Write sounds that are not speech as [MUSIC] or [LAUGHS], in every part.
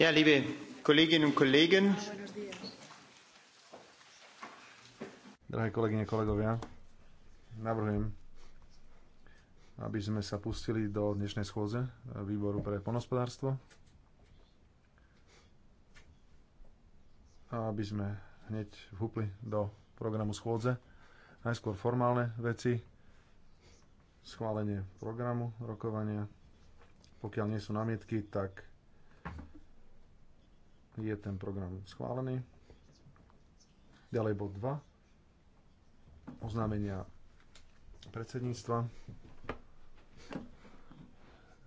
Ja, liebe Kolleginnen und Kollegen. Drahé kolegyne, kolegovia, navrhujem, aby sme sa pustili do dnešnej schôze výboru pre ponospodárstvo. A aby sme hneď vhupli do programu schôdze. Najskôr formálne veci, schválenie programu rokovania. Pokiaľ nie sú námietky, tak je ten program schválený. Ďalej bod 2. Oznámenia predsedníctva.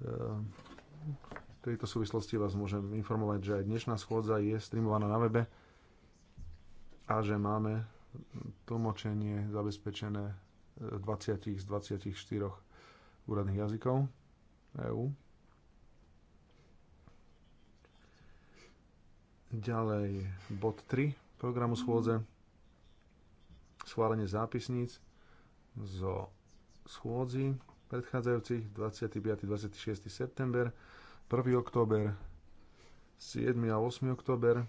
V tejto súvislosti vás môžem informovať, že aj dnešná schôdza je streamovaná na webe a že máme tlmočenie zabezpečené 20 z 24 úradných jazykov EÚ. Ďalej bod 3 programu schôdze. Schválenie zápisníc zo schôdzi predchádzajúcich 25. 26. september, 1. október, 7. a 8. október.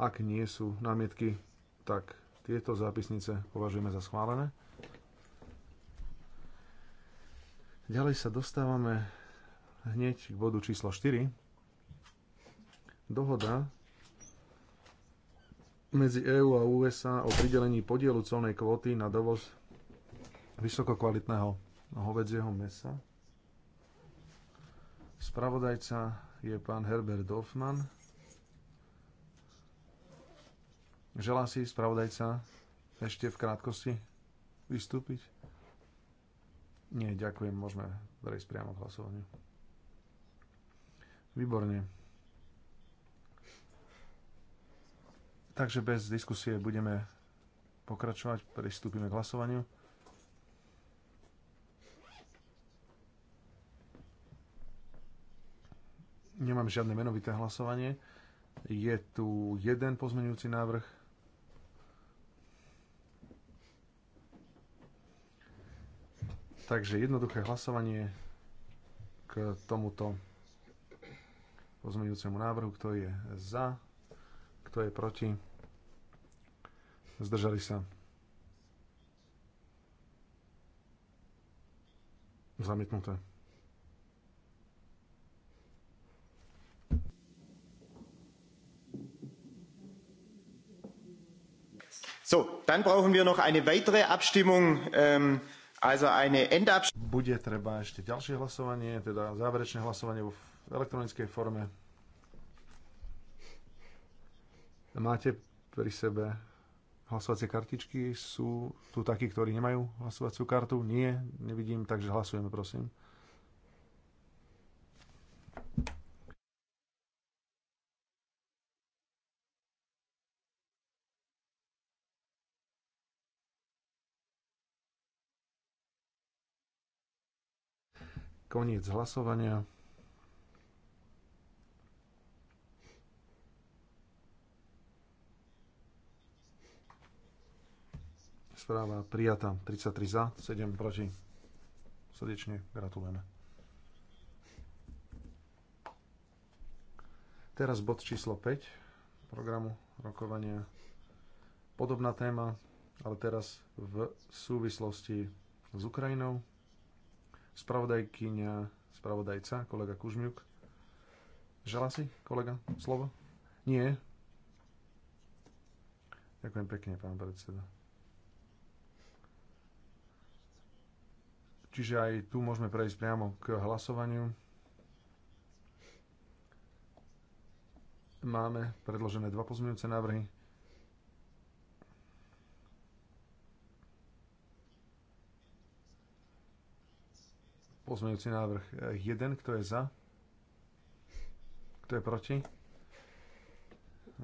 Ak nie sú námietky, tak tieto zápisnice považujeme za schválené. Ďalej sa dostávame hneď k bodu číslo 4, Dohoda medzi EÚ a USA o pridelení podielu colnej kvóty na dovoz vysokokvalitného hovedzieho mesa. Spravodajca je pán Herbert Dorfman. Želá si spravodajca ešte v krátkosti vystúpiť? Nie, ďakujem, môžeme prejsť priamo k hlasovaniu. Výborne. Takže bez diskusie budeme pokračovať, pristúpime k hlasovaniu. Nemám žiadne menovité hlasovanie. Je tu jeden pozmeňujúci návrh. Takže jednoduché hlasovanie k tomuto pozmeňujúcemu návrhu, kto je za, kto je proti. Zdržali sa. Zamietnuté. So, dann brauchen wir noch eine weitere Abstimmung, ähm, also eine Endabstimmung. Bude treba ešte ďalšie hlasovanie, teda záverečné hlasovanie v elektronickej forme. Máte pri sebe Hlasovacie kartičky sú tu takí, ktorí nemajú hlasovaciu kartu? Nie, nevidím, takže hlasujeme, prosím. Koniec hlasovania. Správa prijatá. 33 za, 7 proti. Srdečne gratulujeme. Teraz bod číslo 5 programu rokovania. Podobná téma, ale teraz v súvislosti s Ukrajinou. Spravodajkyňa, spravodajca, kolega Kužmiuk. Žela si, kolega, slovo? Nie. Ďakujem pekne, pán predseda. Čiže aj tu môžeme prejsť priamo k hlasovaniu. Máme predložené dva pozmeňujúce návrhy. Pozmeňujúci návrh 1, eh, kto je za? Kto je proti?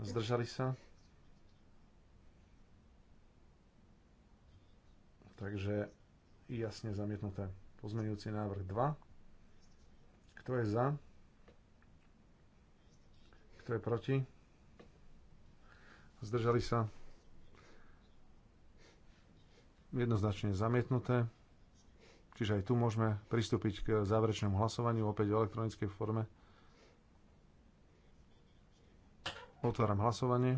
Zdržali sa? Takže Jasne zamietnuté. Pozmenujúci návrh 2. Kto je za? Kto je proti? Zdržali sa? Jednoznačne zamietnuté. Čiže aj tu môžeme pristúpiť k záverečnému hlasovaniu opäť v elektronickej forme. Otváram hlasovanie.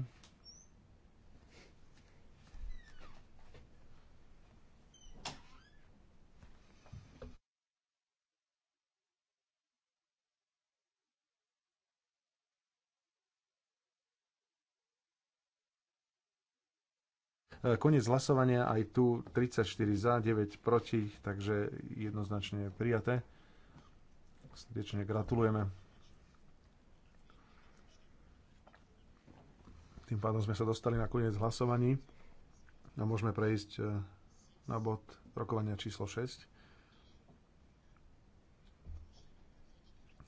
E, Konec hlasovania aj tu 34 za, 9 proti, takže jednoznačne prijaté. Srdečne gratulujeme. Tým pádom sme sa dostali na koniec hlasovaní a môžeme prejsť e, na bod rokovania číslo 6.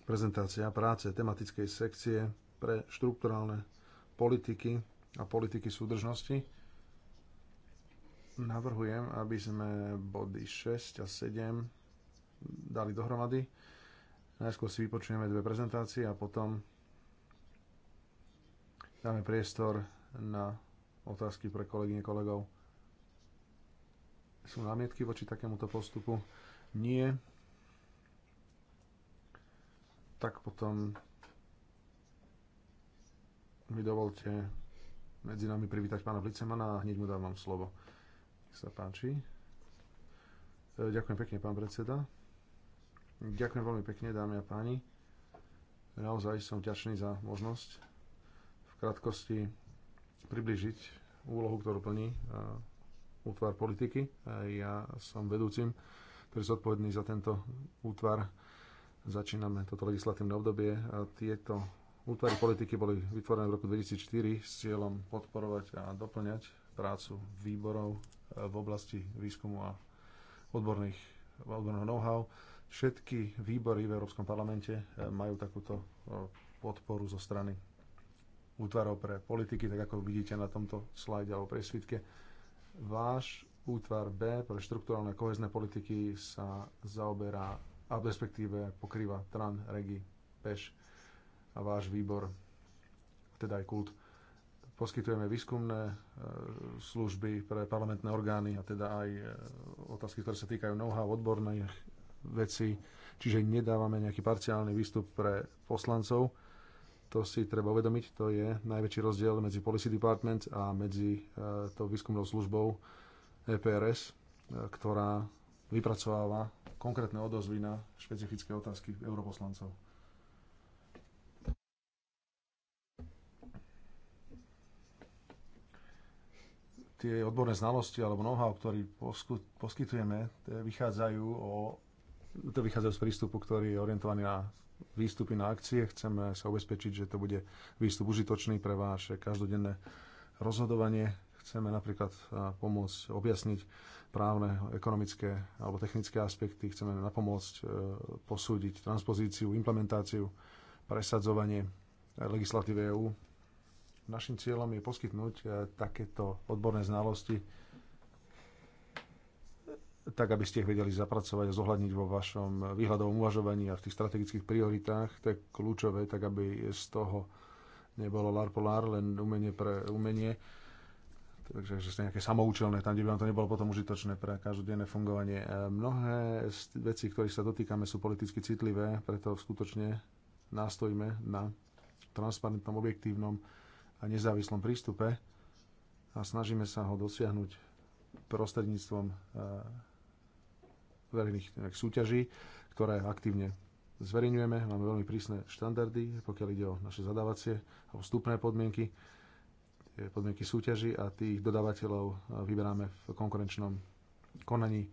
prezentácia práce tematickej sekcie pre štrukturálne politiky a politiky súdržnosti. Navrhujem, aby sme body 6 a 7 dali dohromady. Najskôr si vypočujeme dve prezentácie a potom dáme priestor na otázky pre kolegyne kolegov. Sú námietky voči takémuto postupu? Nie. Tak potom mi dovolte medzi nami privítať pána Blicemana a hneď mu dávam slovo. Nech sa páči. E, ďakujem pekne, pán predseda. Ďakujem veľmi pekne, dámy a páni. Naozaj som ťačný za možnosť v krátkosti približiť úlohu, ktorú plní e, útvar politiky. E, ja som vedúcim, ktorý je zodpovedný za tento útvar. Začíname toto legislatívne obdobie. A tieto útvary politiky boli vytvorené v roku 2004 s cieľom podporovať a doplňať prácu výborov v oblasti výskumu a odborných, odborného know-how. Všetky výbory v Európskom parlamente eh, majú takúto eh, podporu zo strany útvarov pre politiky, tak ako vidíte na tomto slajde alebo presvitke. Váš útvar B pre štruktúralne kohezné politiky sa zaoberá a respektíve pokrýva TRAN, REGI, PEŠ a váš výbor, teda aj KULT poskytujeme výskumné e, služby pre parlamentné orgány a teda aj e, otázky, ktoré sa týkajú know-how, odborných vecí, čiže nedávame nejaký parciálny výstup pre poslancov. To si treba uvedomiť, to je najväčší rozdiel medzi Policy Department a medzi e, tou výskumnou službou EPRS, ktorá vypracováva konkrétne odozvy na špecifické otázky europoslancov. tie odborné znalosti alebo know-how, ktorý poskytujeme, vychádzajú o, to vychádzajú z prístupu, ktorý je orientovaný na výstupy na akcie. Chceme sa ubezpečiť, že to bude výstup užitočný pre vaše každodenné rozhodovanie. Chceme napríklad pomôcť objasniť právne, ekonomické alebo technické aspekty. Chceme napomôcť e, posúdiť transpozíciu, implementáciu, presadzovanie legislatívy EÚ Našim cieľom je poskytnúť eh, takéto odborné znalosti, tak aby ste ich vedeli zapracovať a zohľadniť vo vašom výhľadovom uvažovaní a v tých strategických prioritách, Je kľúčové, tak aby z toho nebolo lar po lár, len umenie pre umenie. Takže že ste nejaké samoučelné, tam, kde by vám to nebolo potom užitočné pre každodenné fungovanie. Eh, mnohé z vecí, ktorých sa dotýkame, sú politicky citlivé, preto skutočne nástojme na transparentnom, objektívnom a nezávislom prístupe a snažíme sa ho dosiahnuť prostredníctvom e, verejných súťaží, ktoré aktívne zverejňujeme. Máme veľmi prísne štandardy, pokiaľ ide o naše zadávacie a vstupné podmienky, podmienky súťaží a tých dodávateľov e, vyberáme v konkurenčnom konaní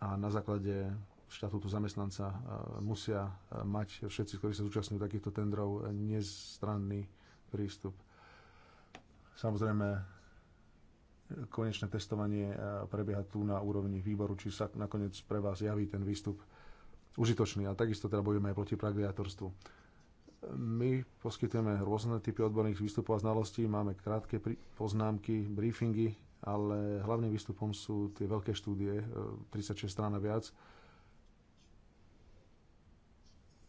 a na základe štatútu zamestnanca e, musia mať všetci, ktorí sa zúčastňujú takýchto tendrov, nestranný prístup. Samozrejme, konečné testovanie e, prebieha tu na úrovni výboru, či sa nakoniec pre vás javí ten výstup užitočný. A takisto teda bojujeme aj proti plagiátorstvu. My poskytujeme rôzne typy odborných výstupov a znalostí, máme krátke poznámky, briefingy, ale hlavným výstupom sú tie veľké štúdie, 36 e, strán a viac.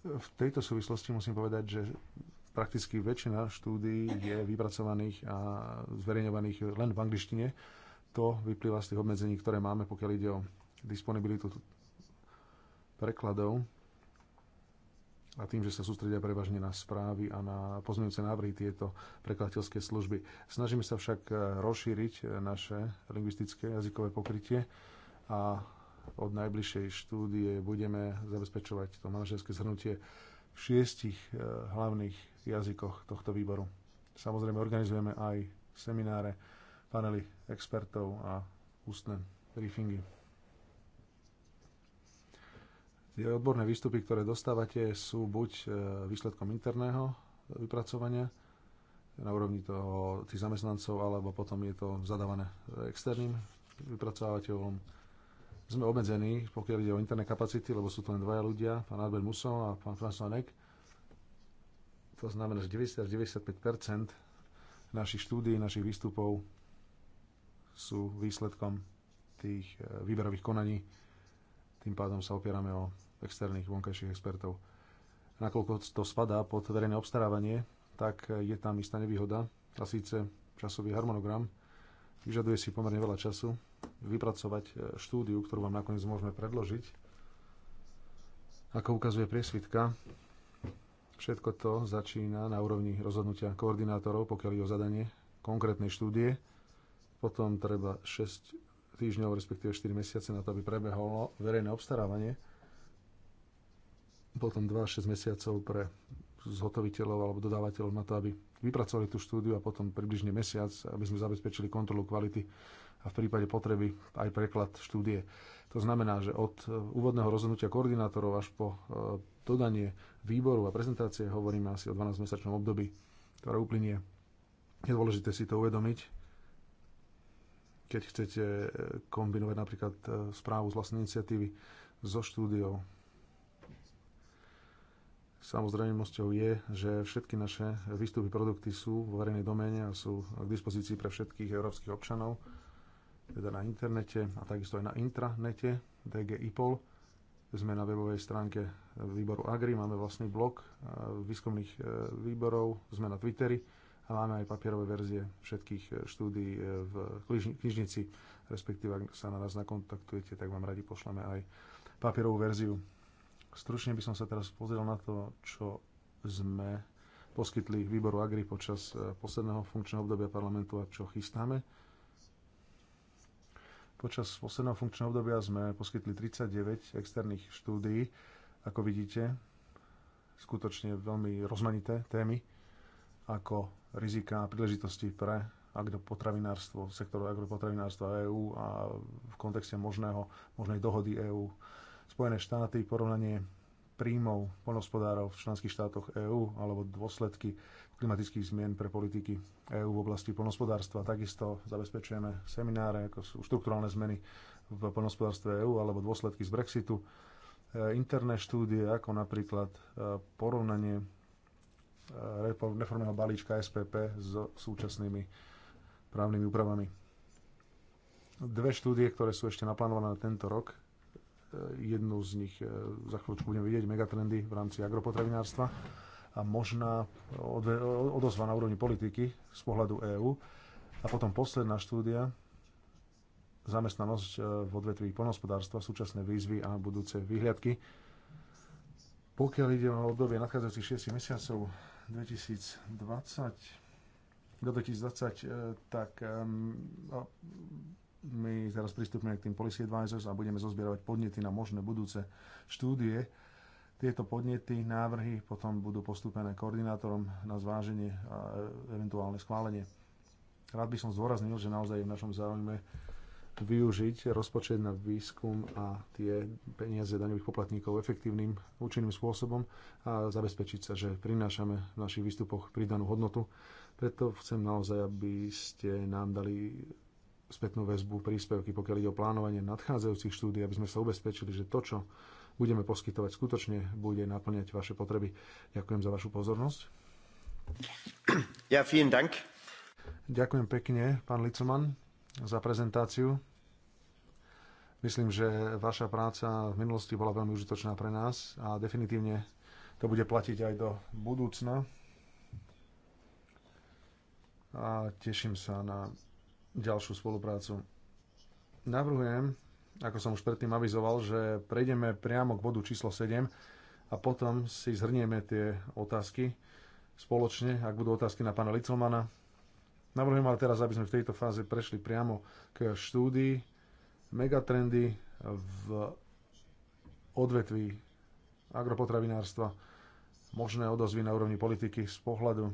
V tejto súvislosti musím povedať, že prakticky väčšina štúdií je vypracovaných a zverejňovaných len v angličtine. To vyplýva z tých obmedzení, ktoré máme, pokiaľ ide o disponibilitu prekladov a tým, že sa sústredia prevažne na správy a na pozmeňujúce návrhy tieto prekladateľské služby. Snažíme sa však e, rozšíriť e, naše lingvistické jazykové pokrytie a od najbližšej štúdie budeme zabezpečovať to manažerské zhrnutie v šiestich e, hlavných jazykoch tohto výboru. Samozrejme, organizujeme aj semináre, panely expertov a ústne briefingy. Tie odborné výstupy, ktoré dostávate, sú buď e, výsledkom interného vypracovania na úrovni toho, tých zamestnancov, alebo potom je to zadávané e, externým vypracovateľom. Sme obmedzení, pokiaľ ide o interné kapacity, lebo sú to len dvaja ľudia, pán Albert Muso a pán François Neck to znamená, že 90-95% našich štúdií, našich výstupov sú výsledkom tých e, výberových konaní. Tým pádom sa opierame o externých vonkajších expertov. Nakoľko to spadá pod verejné obstarávanie, tak je tam istá nevýhoda, a síce časový harmonogram. Vyžaduje si pomerne veľa času vypracovať e, štúdiu, ktorú vám nakoniec môžeme predložiť. Ako ukazuje priesvitka, Všetko to začína na úrovni rozhodnutia koordinátorov, pokiaľ je o zadanie konkrétnej štúdie. Potom treba 6 týždňov, respektíve 4 mesiace na to, aby prebehlo verejné obstarávanie. Potom 2-6 mesiacov pre zhotoviteľov alebo dodávateľov na to, aby vypracovali tú štúdiu a potom približne mesiac, aby sme zabezpečili kontrolu kvality a v prípade potreby aj preklad štúdie. To znamená, že od úvodného rozhodnutia koordinátorov až po e, dodanie výboru a prezentácie hovoríme asi o 12-mesačnom období, ktoré uplynie. Je dôležité si to uvedomiť, keď chcete eh, kombinovať napríklad eh, správu z vlastnej iniciatívy so štúdiou. Samozrejmosťou je, že všetky naše výstupy produkty sú v verejnej doméne a sú k dispozícii pre všetkých európskych občanov, teda na internete a takisto aj na intranete DGIPOL sme na webovej stránke výboru Agri, máme vlastný blog e, výskumných e, výborov, sme na Twitteri a máme aj papierové verzie všetkých e, štúdí v knižnici, respektíve ak sa na nás nakontaktujete, tak vám radi pošleme aj papierovú verziu. Stručne by som sa teraz pozrel na to, čo sme poskytli výboru Agri počas posledného funkčného obdobia parlamentu a čo chystáme Počas posledného funkčného obdobia sme poskytli 39 externých štúdií. Ako vidíte, skutočne veľmi rozmanité témy ako rizika a príležitosti pre agropotravinárstvo, sektor agropotravinárstva EÚ a v kontexte možného, možnej dohody EÚ. Spojené štáty, porovnanie príjmov poľnohospodárov v členských štátoch EÚ alebo dôsledky klimatických zmien pre politiky EÚ v oblasti poľnohospodárstva. Takisto zabezpečujeme semináre, ako sú štruktúralne zmeny v poľnohospodárstve EÚ alebo dôsledky z Brexitu. E, interné štúdie, ako napríklad e, porovnanie e, reformného balíčka SPP s súčasnými právnymi úpravami. Dve štúdie, ktoré sú ešte naplánované na tento rok, Jednu z nich e, za chvíľočku budeme vidieť, megatrendy v rámci agropotravinárstva a možná odozva na úrovni politiky z pohľadu EÚ. A potom posledná štúdia, zamestnanosť e, v odvetví poľnohospodárstva, súčasné výzvy a budúce výhľadky. Pokiaľ ide o obdobie nadchádzajúcich 6 mesiacov 2020, do 2020, e, tak my teraz pristupujeme k tým policy advisors a budeme zozbierať podnety na možné budúce štúdie. Tieto podnety, návrhy potom budú postúpené koordinátorom na zváženie a eventuálne schválenie. Rád by som zdôraznil, že naozaj je v našom záujme využiť rozpočet na výskum a tie peniaze daňových poplatníkov efektívnym, účinným spôsobom a zabezpečiť sa, že prinášame v našich výstupoch pridanú hodnotu. Preto chcem naozaj, aby ste nám dali spätnú väzbu, príspevky, pokiaľ ide o plánovanie nadchádzajúcich štúdí, aby sme sa ubezpečili, že to, čo budeme poskytovať, skutočne bude naplňať vaše potreby. Ďakujem za vašu pozornosť. Ja, vielen Dank. Ďakujem pekne, pán Licoman, za prezentáciu. Myslím, že vaša práca v minulosti bola veľmi užitočná pre nás a definitívne to bude platiť aj do budúcna. A teším sa na ďalšiu spoluprácu. Navrhujem, ako som už predtým avizoval, že prejdeme priamo k bodu číslo 7 a potom si zhrnieme tie otázky spoločne, ak budú otázky na pána Licomana. Navrhujem ale teraz, aby sme v tejto fáze prešli priamo k štúdii megatrendy v odvetví agropotravinárstva, možné odozvy na úrovni politiky z pohľadu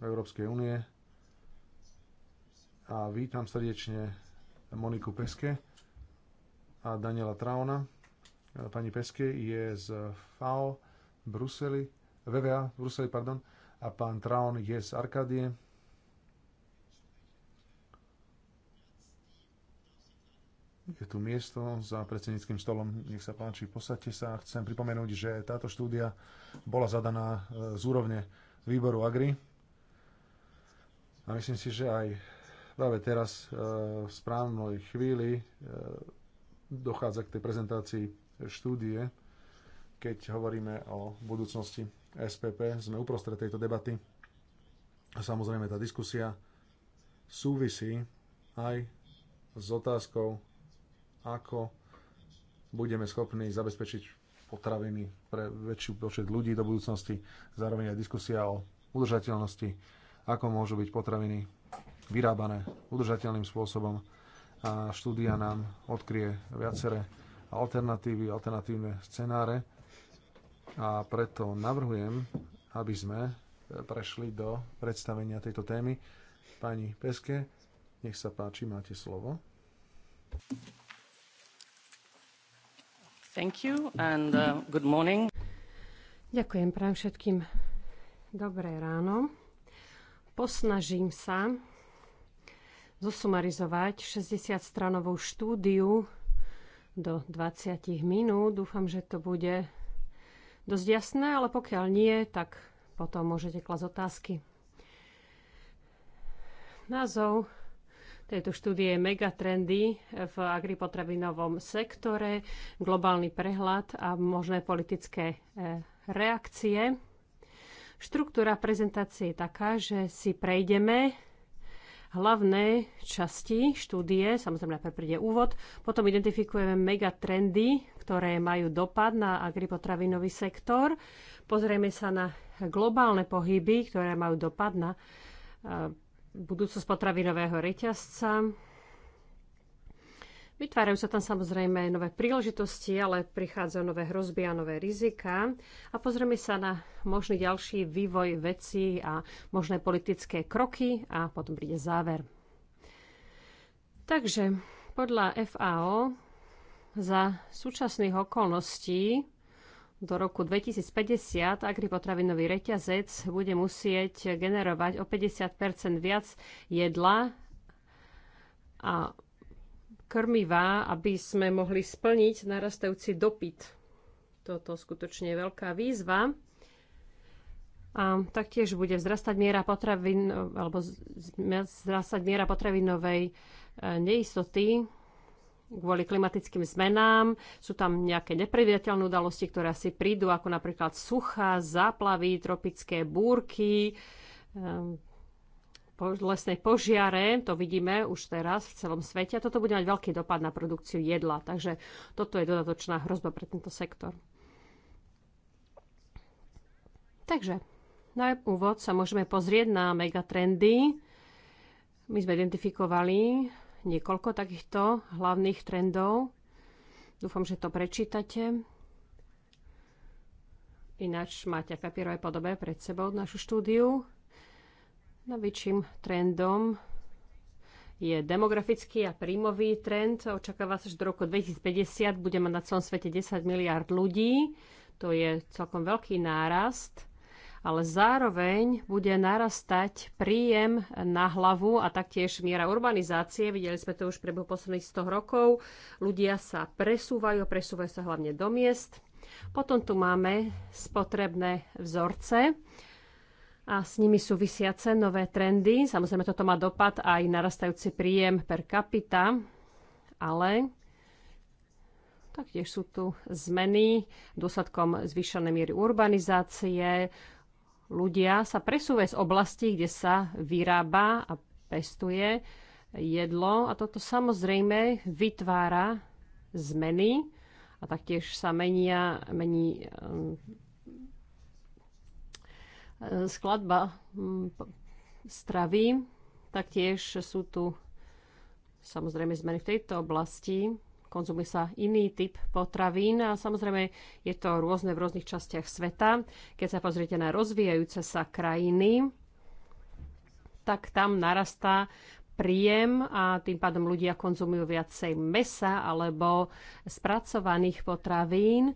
Európskej únie, a vítam srdečne Moniku Peske a Daniela Trauna. E, pani Peske je z FAO Bruseli, VVA Bruseli, pardon, a pán Traon je z Arkadie. Je tu miesto za predsedníckým stolom. Nech sa páči, posadte sa. Chcem pripomenúť, že táto štúdia bola zadaná e, z úrovne výboru Agri. A myslím si, že aj Práve teraz e, v správnej chvíli e, dochádza k tej prezentácii štúdie, keď hovoríme o budúcnosti SPP. Sme uprostred tejto debaty. A samozrejme, tá diskusia súvisí aj s otázkou, ako budeme schopní zabezpečiť potraviny pre väčší počet ľudí do budúcnosti. Zároveň aj diskusia o udržateľnosti, ako môžu byť potraviny vyrábané udržateľným spôsobom a štúdia nám odkrie viaceré alternatívy, alternatívne scenáre a preto navrhujem, aby sme prešli do predstavenia tejto témy. Pani Peske, nech sa páči, máte slovo. Thank you and uh, good morning. Ďakujem prajem všetkým. Dobré ráno. Posnažím sa zosumarizovať 60-stranovú štúdiu do 20 minút. Dúfam, že to bude dosť jasné, ale pokiaľ nie, tak potom môžete klas otázky. Názov tejto štúdie je Megatrendy v agripotravinovom sektore, globálny prehľad a možné politické e, reakcie. Štruktúra prezentácie je taká, že si prejdeme hlavné časti štúdie, samozrejme najprv príde úvod, potom identifikujeme megatrendy, ktoré majú dopad na agripotravinový sektor, pozrieme sa na globálne pohyby, ktoré majú dopad na eh, budúcnosť potravinového reťazca, Vytvárajú sa tam samozrejme nové príležitosti, ale prichádzajú nové hrozby a nové rizika. A pozrieme sa na možný ďalší vývoj vecí a možné politické kroky a potom príde záver. Takže podľa FAO za súčasných okolností do roku 2050 agripotravinový reťazec bude musieť generovať o 50 viac jedla a krmivá, aby sme mohli splniť narastajúci dopyt. Toto skutočne je veľká výzva. A taktiež bude vzrastať miera potravin, alebo vzrastať miera potravinovej e, neistoty kvôli klimatickým zmenám. Sú tam nejaké nepredvidateľné udalosti, ktoré asi prídu, ako napríklad suchá, záplavy, tropické búrky, ehm, lesnej požiare, to vidíme už teraz v celom svete a toto bude mať veľký dopad na produkciu jedla. Takže toto je dodatočná hrozba pre tento sektor. Takže na úvod sa môžeme pozrieť na megatrendy. My sme identifikovali niekoľko takýchto hlavných trendov. Dúfam, že to prečítate. Ináč máte v papierovej podobe pred sebou našu štúdiu. Najväčším trendom je demografický a príjmový trend. Očakáva sa, že do roku 2050 bude mať na celom svete 10 miliard ľudí. To je celkom veľký nárast ale zároveň bude narastať príjem na hlavu a taktiež miera urbanizácie. Videli sme to už priebehu posledných 100 rokov. Ľudia sa presúvajú, presúvajú sa hlavne do miest. Potom tu máme spotrebné vzorce a s nimi súvisiace nové trendy. Samozrejme, toto má dopad aj narastajúci príjem per capita, ale taktiež sú tu zmeny dôsledkom zvýšenej miery urbanizácie. Ľudia sa presúvajú z oblasti, kde sa vyrába a pestuje jedlo a toto samozrejme vytvára zmeny a taktiež sa menia, mení E, skladba mm, stravy. Taktiež sú tu samozrejme zmeny v tejto oblasti. Konzumuje sa iný typ potravín a samozrejme je to rôzne v rôznych častiach sveta. Keď sa pozriete na rozvíjajúce sa krajiny, tak tam narastá príjem a tým pádom ľudia konzumujú viacej mesa alebo spracovaných potravín.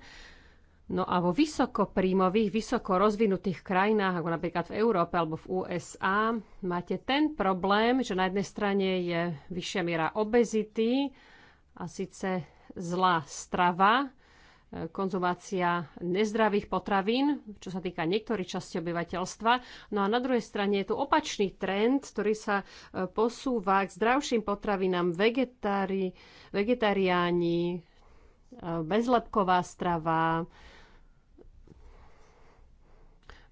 No a vo vysokopríjmových, vysoko rozvinutých krajinách, ako napríklad v Európe alebo v USA, máte ten problém, že na jednej strane je vyššia miera obezity a síce zlá strava, e, konzumácia nezdravých potravín, čo sa týka niektorých časti obyvateľstva. No a na druhej strane je tu opačný trend, ktorý sa e, posúva k zdravším potravinám vegetári, vegetariáni, e, bezlepková strava,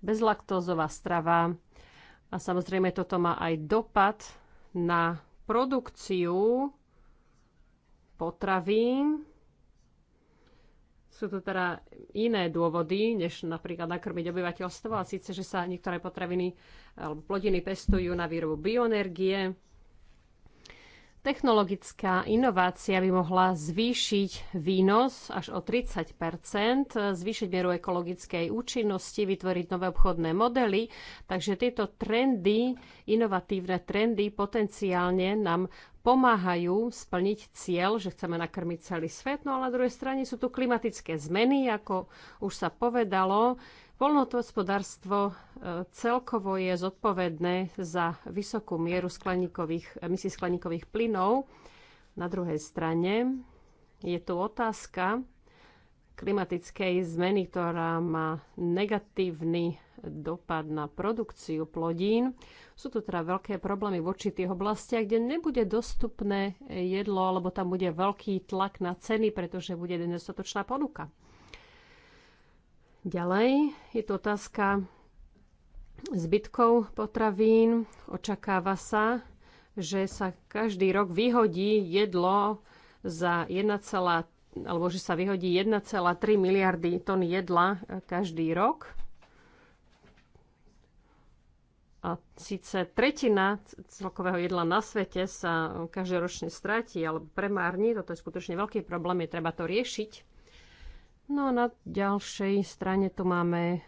bezlaktózová strava. A samozrejme toto má aj dopad na produkciu potravín. Sú tu teda iné dôvody, než napríklad nakrmiť obyvateľstvo, a síce, že sa niektoré potraviny alebo plodiny pestujú na výrobu bioenergie, Technologická inovácia by mohla zvýšiť výnos až o 30 zvýšiť mieru ekologickej účinnosti, vytvoriť nové obchodné modely. Takže tieto trendy, inovatívne trendy potenciálne nám pomáhajú splniť cieľ, že chceme nakrmiť celý svet. No a na druhej strane sú tu klimatické zmeny, ako už sa povedalo. Polnohospodárstvo e, celkovo je zodpovedné za vysokú mieru skleníkových, emisí skleníkových plynov. Na druhej strane je tu otázka klimatickej zmeny, ktorá má negatívny dopad na produkciu plodín. Sú tu teda veľké problémy v určitých oblastiach, kde nebude dostupné jedlo, alebo tam bude veľký tlak na ceny, pretože bude nedostatočná ponuka. Ďalej je to otázka zbytkov potravín. Očakáva sa, že sa každý rok vyhodí jedlo za 1, alebo že sa vyhodí 1,3 miliardy tón jedla každý rok. A síce tretina celkového jedla na svete sa každoročne stráti alebo premárni. Toto je skutočne veľký problém, je treba to riešiť. No a na ďalšej strane tu máme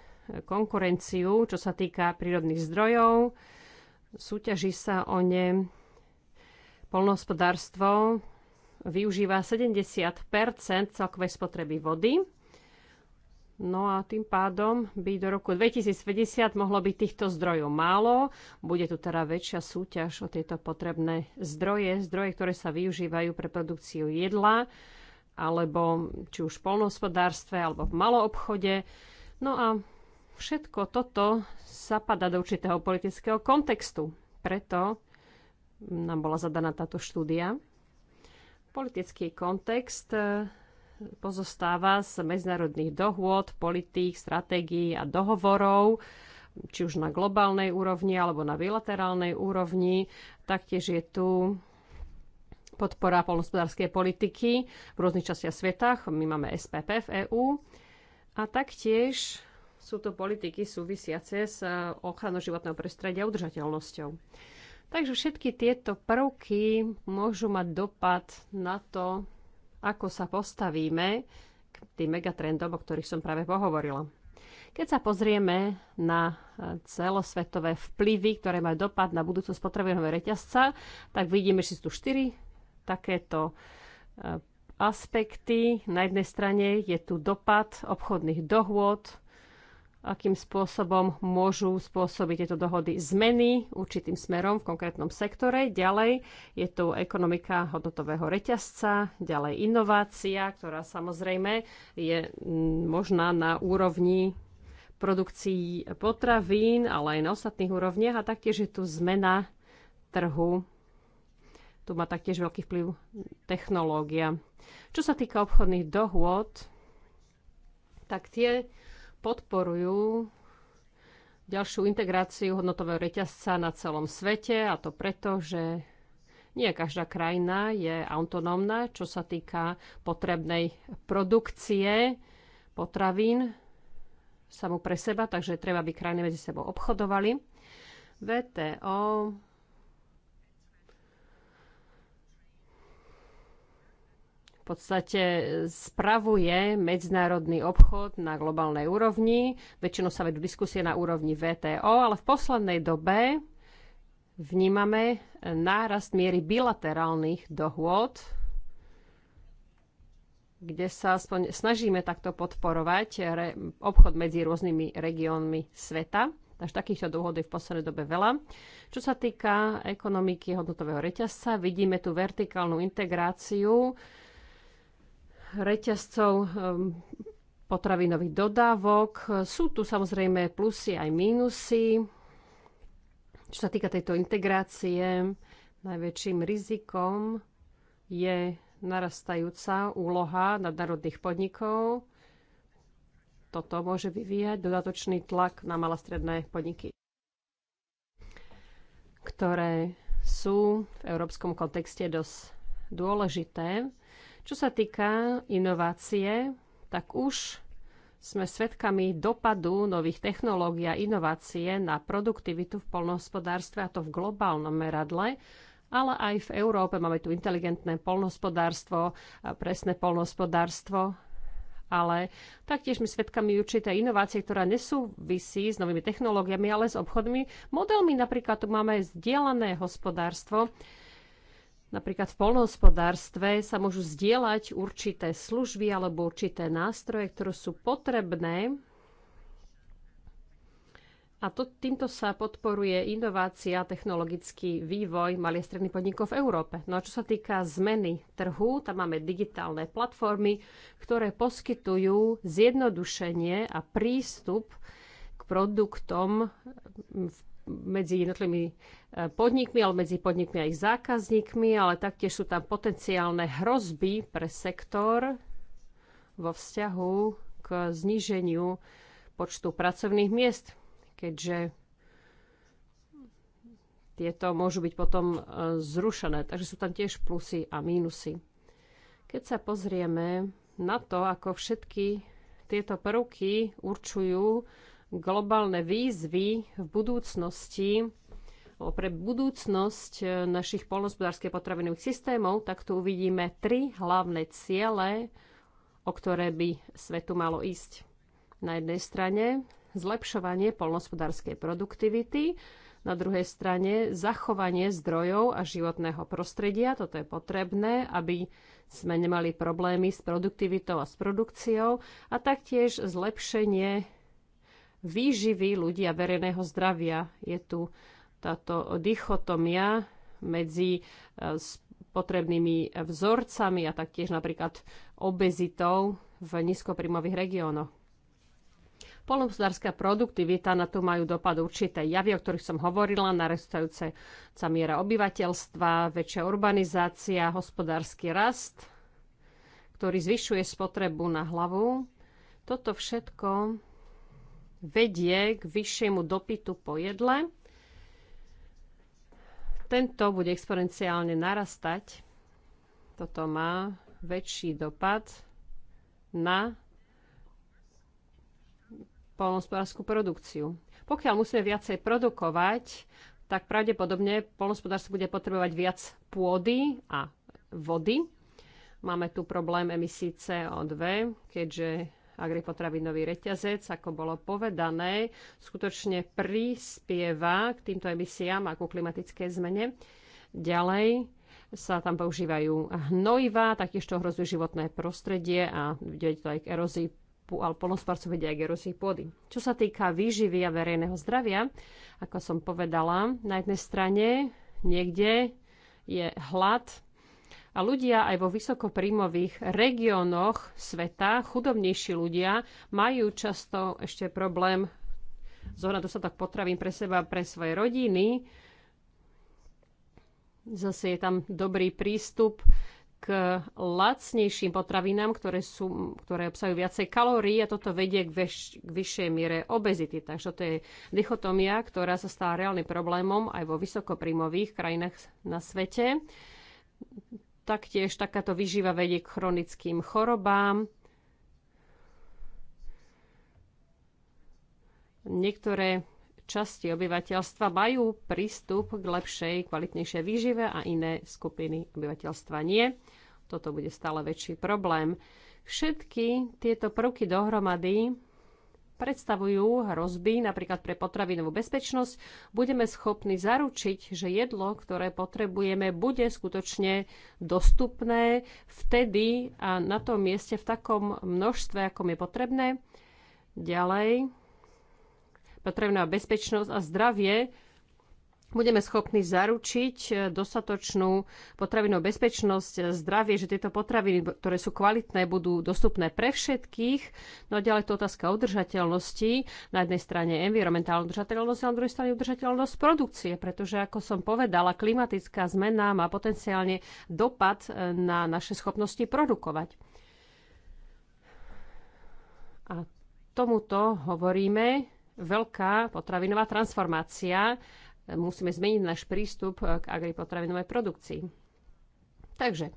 konkurenciu, čo sa týka prírodných zdrojov. Súťaží sa o ne polnohospodárstvo využíva 70 celkovej spotreby vody. No a tým pádom by do roku 2050 mohlo byť týchto zdrojov málo. Bude tu teda väčšia súťaž o tieto potrebné zdroje, zdroje, ktoré sa využívajú pre produkciu jedla alebo či už v polnohospodárstve, alebo v maloobchode. No a všetko toto zapadá do určitého politického kontextu. Preto nám bola zadaná táto štúdia. Politický kontext e, pozostáva z medzinárodných dohôd, politík, stratégií a dohovorov, či už na globálnej úrovni alebo na bilaterálnej úrovni. Taktiež je tu podpora polnospodárskej politiky v rôznych častiach sveta. My máme SPP v EÚ. A taktiež sú to politiky súvisiace s ochranou životného prostredia a udržateľnosťou. Takže všetky tieto prvky môžu mať dopad na to, ako sa postavíme k tým megatrendom, o ktorých som práve pohovorila. Keď sa pozrieme na celosvetové vplyvy, ktoré majú dopad na budúcnosť potravinového reťazca, tak vidíme, že sú tu štyri takéto e, aspekty. Na jednej strane je tu dopad obchodných dohôd, akým spôsobom môžu spôsobiť tieto dohody zmeny určitým smerom v konkrétnom sektore. Ďalej je tu ekonomika hodnotového reťazca, ďalej inovácia, ktorá samozrejme je možná na úrovni produkcií potravín, ale aj na ostatných úrovniach. A taktiež je tu zmena trhu tu má taktiež veľký vplyv technológia. Čo sa týka obchodných dohôd, tak tie podporujú ďalšiu integráciu hodnotového reťazca na celom svete a to preto, že nie každá krajina je autonómna, čo sa týka potrebnej produkcie potravín samú pre seba, takže treba, aby krajiny medzi sebou obchodovali. VTO podstate spravuje medzinárodný obchod na globálnej úrovni. Väčšinou sa vedú diskusie na úrovni VTO, ale v poslednej dobe vnímame nárast miery bilaterálnych dohôd, kde sa aspoň snažíme takto podporovať obchod medzi rôznymi regiónmi sveta. Takže takýchto dohod je v poslednej dobe veľa. Čo sa týka ekonomiky hodnotového reťazca, vidíme tu vertikálnu integráciu reťazcov ehm, potravinových dodávok. Sú tu samozrejme plusy aj mínusy. Čo sa týka tejto integrácie, najväčším rizikom je narastajúca úloha nadnárodných podnikov. Toto môže vyvíjať dodatočný tlak na malostredné podniky, ktoré sú v európskom kontexte dosť dôležité čo sa týka inovácie, tak už sme svedkami dopadu nových technológií a inovácie na produktivitu v polnohospodárstve, a to v globálnom meradle, ale aj v Európe máme tu inteligentné polnohospodárstvo, presné polnohospodárstvo, ale taktiež sme svedkami určité inovácie, ktorá nesúvisí s novými technológiami, ale s obchodmi modelmi. Napríklad tu máme zdieľané hospodárstvo, Napríklad v polnohospodárstve sa môžu zdieľať určité služby alebo určité nástroje, ktoré sú potrebné. A to, týmto sa podporuje inovácia, technologický vývoj malých a stredných podnikov v Európe. No a čo sa týka zmeny trhu, tam máme digitálne platformy, ktoré poskytujú zjednodušenie a prístup k produktom v medzi jednotlivými e, podnikmi, ale medzi podnikmi a zákazníkmi, ale taktiež sú tam potenciálne hrozby pre sektor vo vzťahu k zníženiu počtu pracovných miest, keďže tieto môžu byť potom e, zrušené. Takže sú tam tiež plusy a mínusy. Keď sa pozrieme na to, ako všetky tieto prvky určujú globálne výzvy v budúcnosti pre budúcnosť e, našich polnospodárskych potravinových systémov, tak tu uvidíme tri hlavné ciele, o ktoré by svetu malo ísť. Na jednej strane zlepšovanie polnospodárskej produktivity, na druhej strane zachovanie zdrojov a životného prostredia. Toto je potrebné, aby sme nemali problémy s produktivitou a s produkciou a taktiež zlepšenie výživy ľudí a verejného zdravia. Je tu táto dichotomia medzi e, potrebnými vzorcami a taktiež napríklad obezitou v nízkoprímových regiónoch. Polnohospodárska produktivita na to majú dopad určité javy, o ktorých som hovorila, narastajúce sa miera obyvateľstva, väčšia urbanizácia, hospodársky rast, ktorý zvyšuje spotrebu na hlavu. Toto všetko vedie k vyššiemu dopytu po jedle. Tento bude exponenciálne narastať. Toto má väčší dopad na polnospodárskú produkciu. Pokiaľ musíme viacej produkovať, tak pravdepodobne polnospodárstvo bude potrebovať viac pôdy a vody. Máme tu problém emisí CO2, keďže agripotravinový reťazec, ako bolo povedané, skutočne prispieva k týmto emisiám a ku klimatické zmene. Ďalej sa tam používajú hnojiva, taktiež to ohrozuje životné prostredie a vidieť to aj k erózii ale polnospárcu vedia aj k erózii pôdy. Čo sa týka výživy a verejného zdravia, ako som povedala, na jednej strane niekde je hlad, a ľudia aj vo vysokopríjmových regiónoch sveta, chudobnejší ľudia, majú často ešte problém zohnať dostatok potravín pre seba, pre svoje rodiny. Zase je tam dobrý prístup k lacnejším potravinám, ktoré, sú, ktoré obsahujú viacej kalórií a toto vedie k, veš, k vyššej miere obezity. Takže to je dichotomia, ktorá sa stala reálnym problémom aj vo vysokopríjmových krajinách na svete. Taktiež takáto vyživa vedie k chronickým chorobám. Niektoré časti obyvateľstva majú prístup k lepšej, kvalitnejšej výžive a iné skupiny obyvateľstva nie. Toto bude stále väčší problém. Všetky tieto prvky dohromady predstavujú hrozby napríklad pre potravinovú bezpečnosť, budeme schopní zaručiť, že jedlo, ktoré potrebujeme, bude skutočne dostupné vtedy a na tom mieste v takom množstve, akom je potrebné. Ďalej, potrebná bezpečnosť a zdravie budeme schopní zaručiť eh, dostatočnú potravinovú bezpečnosť, eh, zdravie, že tieto potraviny, ktoré sú kvalitné, budú dostupné pre všetkých. No a ďalej to otázka udržateľnosti. Na jednej strane environmentálna udržateľnosť, a na druhej strane udržateľnosť produkcie, pretože, ako som povedala, klimatická zmena má potenciálne dopad eh, na naše schopnosti produkovať. A tomuto hovoríme veľká potravinová transformácia musíme zmeniť náš prístup eh, k agripotravinovej produkcii. Takže,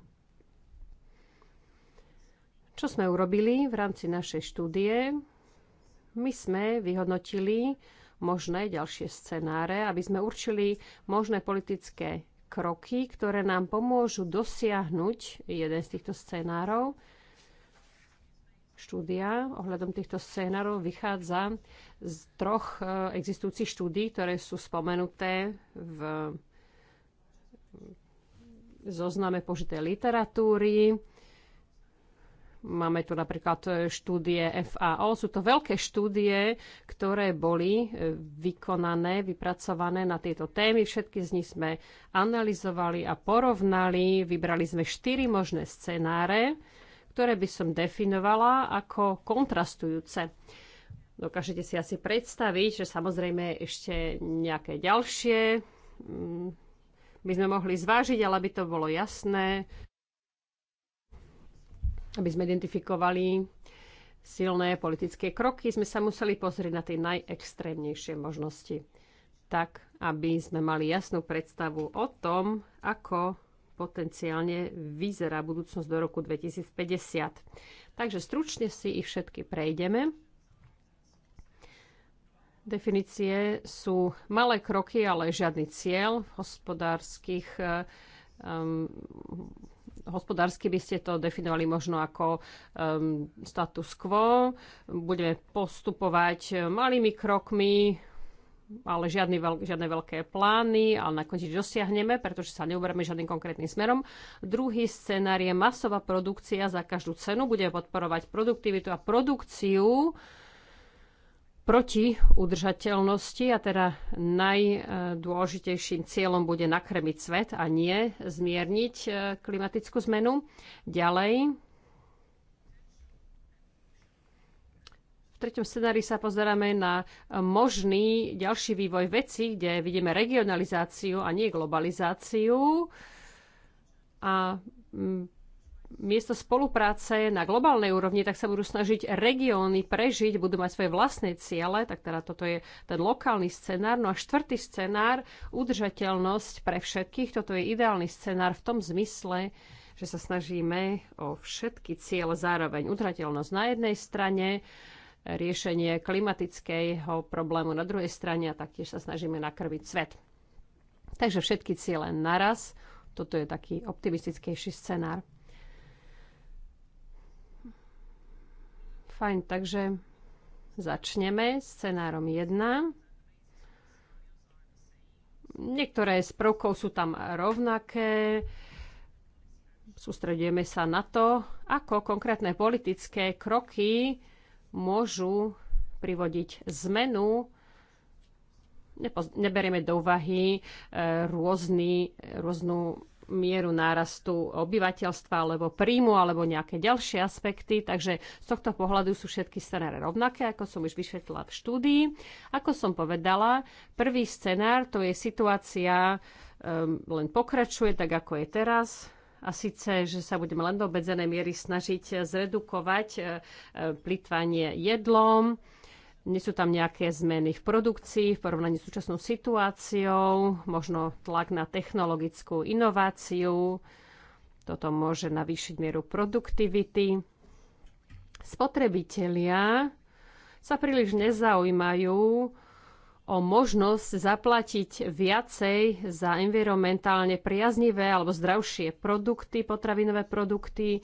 čo sme urobili v rámci našej štúdie? My sme vyhodnotili možné ďalšie scenáre, aby sme určili možné politické kroky, ktoré nám pomôžu dosiahnuť jeden z týchto scenárov štúdia ohľadom týchto scénarov vychádza z troch e, existujúcich štúdí, ktoré sú spomenuté v zozname požitej literatúry. Máme tu napríklad e, štúdie FAO. Sú to veľké štúdie, ktoré boli e, vykonané, vypracované na tieto témy. Všetky z nich sme analyzovali a porovnali. Vybrali sme štyri možné scenáre ktoré by som definovala ako kontrastujúce. Dokážete si asi predstaviť, že samozrejme ešte nejaké ďalšie mm, by sme mohli zvážiť, ale aby to bolo jasné, aby sme identifikovali silné politické kroky, sme sa museli pozrieť na tie najextrémnejšie možnosti. Tak, aby sme mali jasnú predstavu o tom, ako potenciálne vyzerá budúcnosť do roku 2050. Takže stručne si ich všetky prejdeme. Definície sú malé kroky, ale žiadny cieľ hospodárskych um, hospodársky by ste to definovali možno ako um, status quo. Budeme postupovať uh, malými krokmi, ale žiadny veľ, žiadne veľké plány, ale nakoniec dosiahneme, pretože sa neuberieme žiadnym konkrétnym smerom. Druhý scenár je masová produkcia za každú cenu. Bude podporovať produktivitu a produkciu proti udržateľnosti a teda najdôležitejším cieľom bude nakrmiť svet a nie zmierniť eh, klimatickú zmenu. Ďalej, treťom scenári sa pozeráme na možný ďalší vývoj veci, kde vidíme regionalizáciu a nie globalizáciu. A mm, miesto spolupráce na globálnej úrovni, tak sa budú snažiť regióny prežiť, budú mať svoje vlastné ciele, tak teda toto je ten lokálny scenár. No a štvrtý scenár, udržateľnosť pre všetkých, toto je ideálny scenár v tom zmysle, že sa snažíme o všetky ciele zároveň. Udržateľnosť na jednej strane, riešenie klimatického problému na druhej strane a taktiež sa snažíme nakrviť svet. Takže všetky ciele naraz. Toto je taký optimistickejší scenár. Fajn, takže začneme scenárom 1. Niektoré z prvkov sú tam rovnaké. Sústredujeme sa na to, ako konkrétne politické kroky môžu privodiť zmenu. Neberieme do úvahy e, rôzny, rôznu mieru nárastu obyvateľstva alebo príjmu alebo nejaké ďalšie aspekty. Takže z tohto pohľadu sú všetky scenáre rovnaké, ako som už vyšvetlila v štúdii. Ako som povedala, prvý scenár to je situácia e, len pokračuje tak, ako je teraz a síce, že sa budeme len do obmedzenej miery snažiť zredukovať e, e, plitvanie jedlom. Nie sú tam nejaké zmeny v produkcii v porovnaní s súčasnou situáciou, možno tlak na technologickú inováciu. Toto môže navýšiť mieru produktivity. Spotrebitelia sa príliš nezaujímajú o možnosť zaplatiť viacej za environmentálne priaznivé alebo zdravšie produkty, potravinové produkty.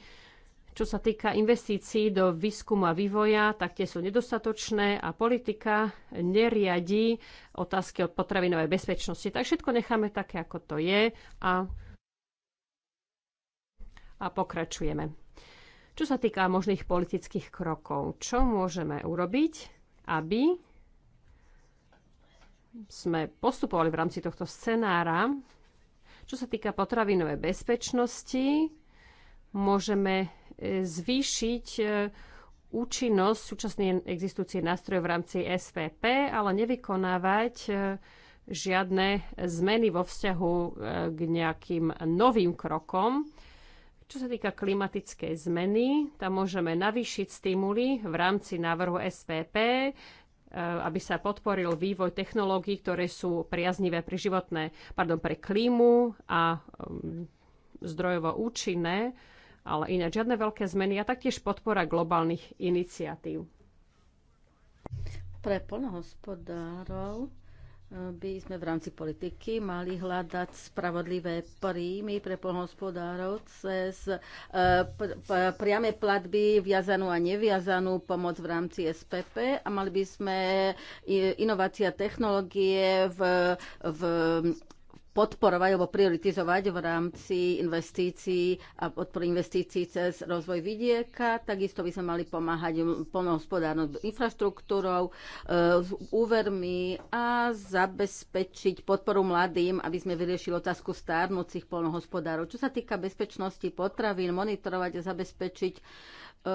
Čo sa týka investícií do výskumu a vývoja, tak tie sú nedostatočné a politika neriadi otázky od potravinovej bezpečnosti. Tak všetko necháme také, ako to je a, a pokračujeme. Čo sa týka možných politických krokov, čo môžeme urobiť, aby sme postupovali v rámci tohto scenára. Čo sa týka potravinovej bezpečnosti, môžeme e, zvýšiť e, účinnosť súčasnej existujúcej nástroje v rámci SPP, ale nevykonávať e, žiadne zmeny vo vzťahu k nejakým novým krokom. Čo sa týka klimatickej zmeny, tam môžeme navýšiť stimuly v rámci návrhu SPP, Eh, aby sa podporil vývoj technológií, ktoré sú priaznivé pre životné, pardon, pre klímu a mm, zdrojovo účinné, ale ináč žiadne veľké zmeny a taktiež podpora globálnych iniciatív. Pre plnohospodárov by sme v rámci politiky mali hľadať spravodlivé príjmy pre polnohospodárov cez e, priame platby, viazanú a neviazanú pomoc v rámci SPP a mali by sme inovácia technológie v, v podporovať alebo prioritizovať v rámci investícií a podpory investícií cez rozvoj vidieka. Takisto by sme mali pomáhať polnohospodárnou infraštruktúrou, e, s úvermi a zabezpečiť podporu mladým, aby sme vyriešili otázku stárnúcich polnohospodárov. Čo sa týka bezpečnosti potravín, monitorovať a zabezpečiť E,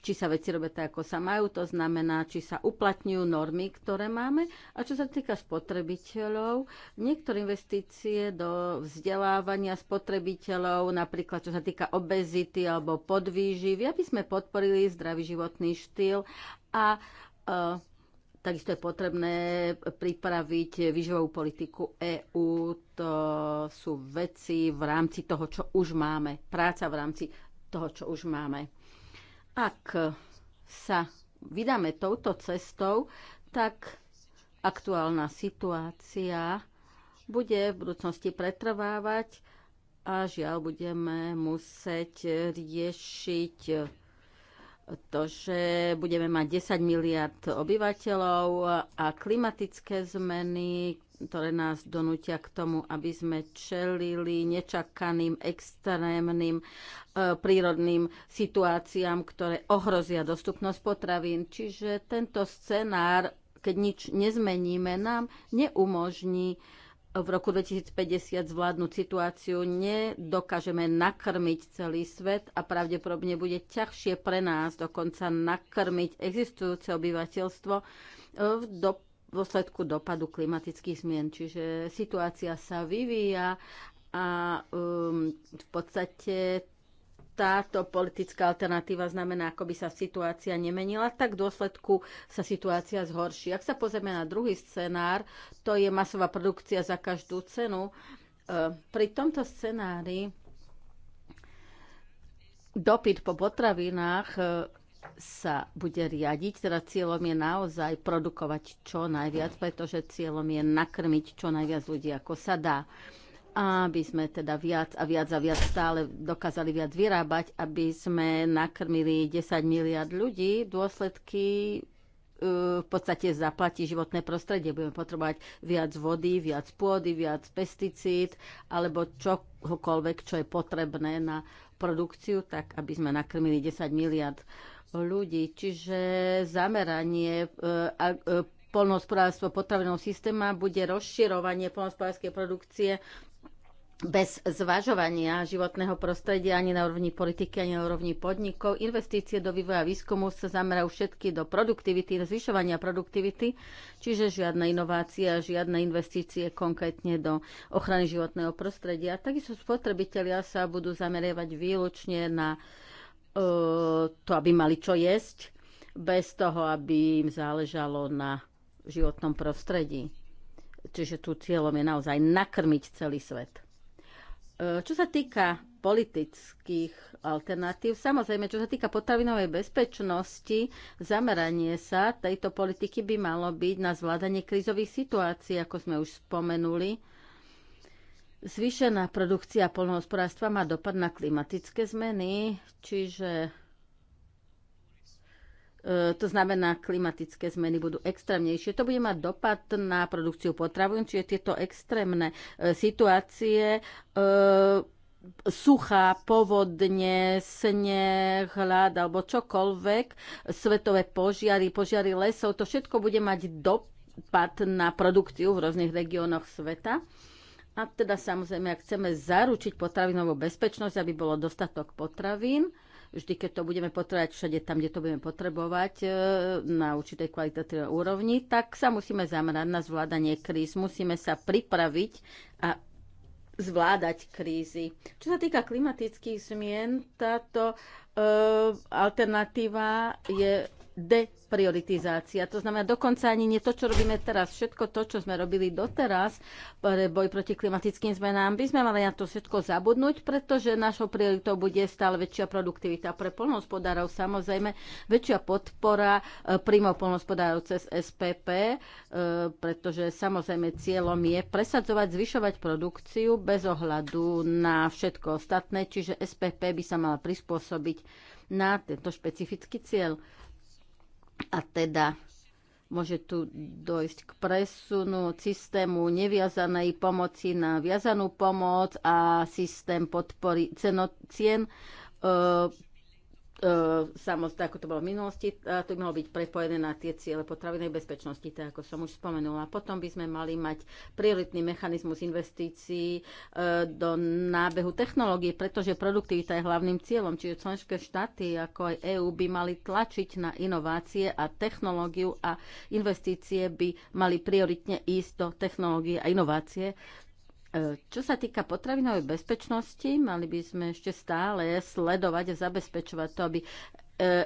či sa veci robia tak, ako sa majú, to znamená, či sa uplatňujú normy, ktoré máme. A čo sa týka spotrebiteľov, niektoré investície do vzdelávania spotrebiteľov, napríklad čo sa týka obezity alebo podvýživy, aby sme podporili zdravý životný štýl a e, Takisto je potrebné pripraviť výživovú politiku EÚ. To sú veci v rámci toho, čo už máme. Práca v rámci toho, čo už máme. Ak sa vydáme touto cestou, tak aktuálna situácia bude v budúcnosti pretrvávať a žiaľ budeme musieť riešiť to, že budeme mať 10 miliard obyvateľov a klimatické zmeny, ktoré nás donútia k tomu, aby sme čelili nečakaným, extrémnym e, prírodným situáciám, ktoré ohrozia dostupnosť potravín. Čiže tento scenár, keď nič nezmeníme, nám neumožní v roku 2050 zvládnuť situáciu, nedokážeme nakrmiť celý svet a pravdepodobne bude ťažšie pre nás dokonca nakrmiť existujúce obyvateľstvo v dop- dôsledku dopadu klimatických zmien. Čiže situácia sa vyvíja a um, v podstate táto politická alternatíva znamená, ako by sa situácia nemenila, tak v dôsledku sa situácia zhorší. Ak sa pozrieme na druhý scenár, to je masová produkcia za každú cenu. E, pri tomto scenári dopyt po potravinách e, sa bude riadiť. Teda cieľom je naozaj produkovať čo najviac, pretože cieľom je nakrmiť čo najviac ľudí, ako sa dá. Aby sme teda viac a viac a viac stále dokázali viac vyrábať, aby sme nakrmili 10 miliard ľudí. Dôsledky e, v podstate zaplatí životné prostredie. Budeme potrebovať viac vody, viac pôdy, viac pesticíd alebo čokoľvek, čo je potrebné na produkciu, tak aby sme nakrmili 10 miliard ľudí ľudí. Čiže zameranie e, e, polnohospodárstvo potravinového systéma bude rozširovanie polnohospodárskej produkcie bez zvažovania životného prostredia ani na úrovni politiky, ani na úrovni podnikov. Investície do vývoja výskumu sa zamerajú všetky do produktivity, do zvyšovania produktivity, čiže žiadna inovácia, žiadne investície konkrétne do ochrany životného prostredia. Takisto spotrebitelia sa budú zameriavať výlučne na uh, E, to, aby mali čo jesť, bez toho, aby im záležalo na životnom prostredí. Čiže tu cieľom je naozaj nakrmiť celý svet. E, čo sa týka politických alternatív, samozrejme, čo sa týka potravinovej bezpečnosti, zameranie sa tejto politiky by malo byť na zvládanie krízových situácií, ako sme už spomenuli Zvýšená produkcia polnohospodárstva má dopad na klimatické zmeny, čiže e, to znamená, klimatické zmeny budú extrémnejšie. To bude mať dopad na produkciu potravín, čiže tieto extrémne e, situácie, e, suchá, povodne, sneh, hlad alebo čokoľvek, svetové požiary, požiary lesov, to všetko bude mať dopad na produkciu v rôznych regiónoch sveta. A teda samozrejme, ak chceme zaručiť potravinovú bezpečnosť, aby bolo dostatok potravín, vždy, keď to budeme potrebovať všade tam, kde to budeme potrebovať e, na určitej kvalitatívnej úrovni, tak sa musíme zamerať na zvládanie kríz, musíme sa pripraviť a zvládať krízy. Čo sa týka klimatických zmien, táto e, alternatíva je deprioritizácia. To znamená dokonca ani nie to, čo robíme teraz. Všetko to, čo sme robili doteraz pre boj proti klimatickým zmenám, by sme mali na to všetko zabudnúť, pretože našou prioritou bude stále väčšia produktivita pre polnohospodárov. Samozrejme, väčšia podpora e, príjmov polnohospodárov cez SPP, e, pretože samozrejme cieľom je presadzovať, zvyšovať produkciu bez ohľadu na všetko ostatné, čiže SPP by sa mala prispôsobiť na tento špecifický cieľ. A teda môže tu dojsť k presunu systému neviazanej pomoci na viazanú pomoc a systém podpory cenocien, e, E, samozrejme, ako to bolo v minulosti, e, to by malo byť prepojené na tie ciele potravinej bezpečnosti, tak ako som už spomenula. Potom by sme mali mať prioritný mechanizmus investícií e, do nábehu technológií, pretože produktivita je hlavným cieľom, čiže členské štáty ako aj EÚ by mali tlačiť na inovácie a technológiu a investície by mali prioritne ísť do technológie a inovácie, čo sa týka potravinovej bezpečnosti, mali by sme ešte stále sledovať a zabezpečovať to, aby e,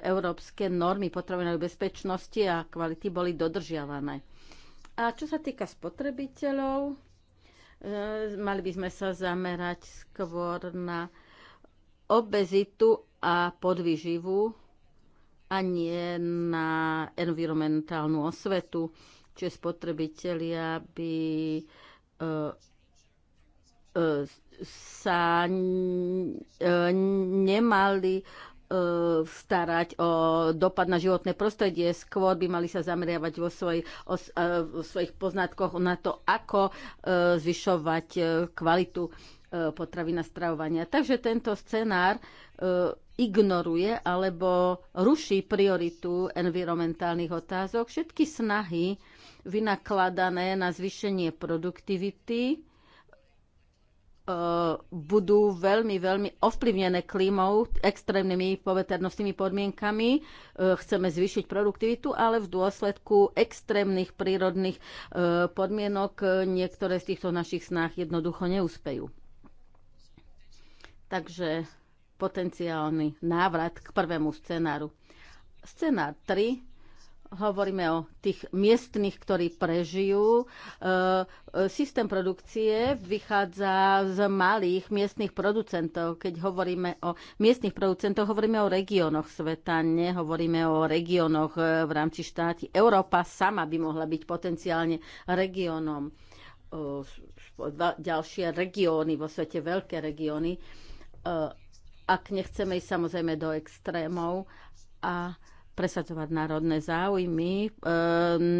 európske normy potravinovej bezpečnosti a kvality boli dodržiavané. A čo sa týka spotrebiteľov, e, mali by sme sa zamerať skôr na obezitu a podvyživu a nie na environmentálnu osvetu, čiže spotrebitelia by e, sa e, nemali e, starať o dopad na životné prostredie, skôr by mali sa zameriavať vo, svoj, o, e, svojich poznatkoch na to, ako zvyšovať kvalitu na stravovania. Takže tento scenár ignoruje alebo ruší prioritu environmentálnych otázok, všetky snahy vynakladané na zvýšenie produktivity E, budú veľmi, veľmi ovplyvnené klímou, extrémnymi poveternostnými podmienkami. E, chceme zvýšiť produktivitu, ale v dôsledku extrémnych prírodných e, podmienok niektoré z týchto našich snách jednoducho neúspejú. Takže potenciálny návrat k prvému scenáru. Scenár 3 hovoríme o tých miestnych, ktorí prežijú. E, e, systém produkcie vychádza z malých miestnych producentov. Keď hovoríme o miestnych producentoch, hovoríme o regiónoch sveta, nehovoríme o regiónoch e, v rámci štáti. Európa sama by mohla byť potenciálne regiónom. E, ďalšie regióny vo svete, veľké regióny. E, ak nechceme ísť samozrejme do extrémov a presadzovať národné záujmy e,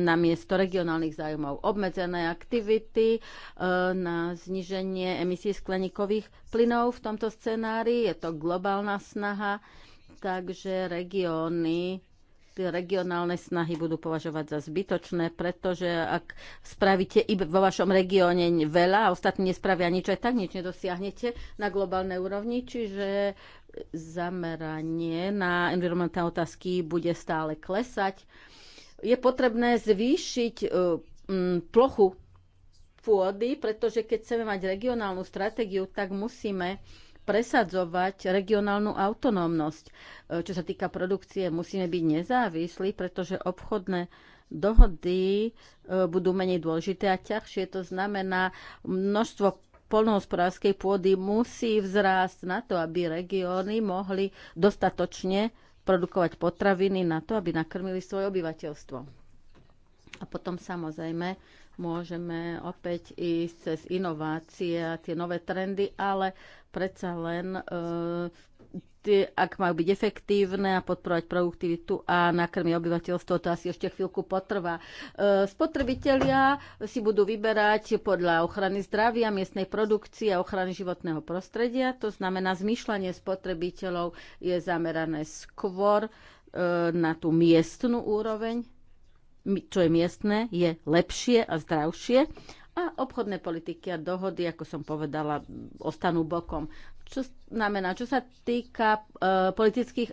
na miesto regionálnych záujmov, obmedzené aktivity e, na zniženie emisí skleníkových plynov v tomto scenári. Je to globálna snaha, takže regióny tie regionálne snahy budú považovať za zbytočné, pretože ak spravíte i vo vašom regióne veľa a ostatní nespravia nič, aj tak nič nedosiahnete na globálnej úrovni, čiže zameranie na environmentálne otázky bude stále klesať. Je potrebné zvýšiť e, plochu pôdy, pretože keď chceme mať regionálnu stratégiu, tak musíme presadzovať regionálnu autonómnosť. E, čo sa týka produkcie, musíme byť nezávislí, pretože obchodné dohody e, budú menej dôležité a ťažšie. To znamená, množstvo polnohospodárskej pôdy musí vzrásť na to, aby regióny mohli dostatočne produkovať potraviny na to, aby nakrmili svoje obyvateľstvo. A potom samozrejme môžeme opäť ísť cez inovácie a tie nové trendy, ale predsa len e, tie, ak majú byť efektívne a podporovať produktivitu a nakrmi obyvateľstvo, to asi ešte chvíľku potrvá. E, spotrebitelia si budú vyberať podľa ochrany zdravia, miestnej produkcie a ochrany životného prostredia. To znamená, zmýšľanie spotrebiteľov je zamerané skôr e, na tú miestnú úroveň, čo je miestne, je lepšie a zdravšie a obchodné politiky a dohody, ako som povedala, ostanú bokom. Čo znamená, čo sa týka e, politických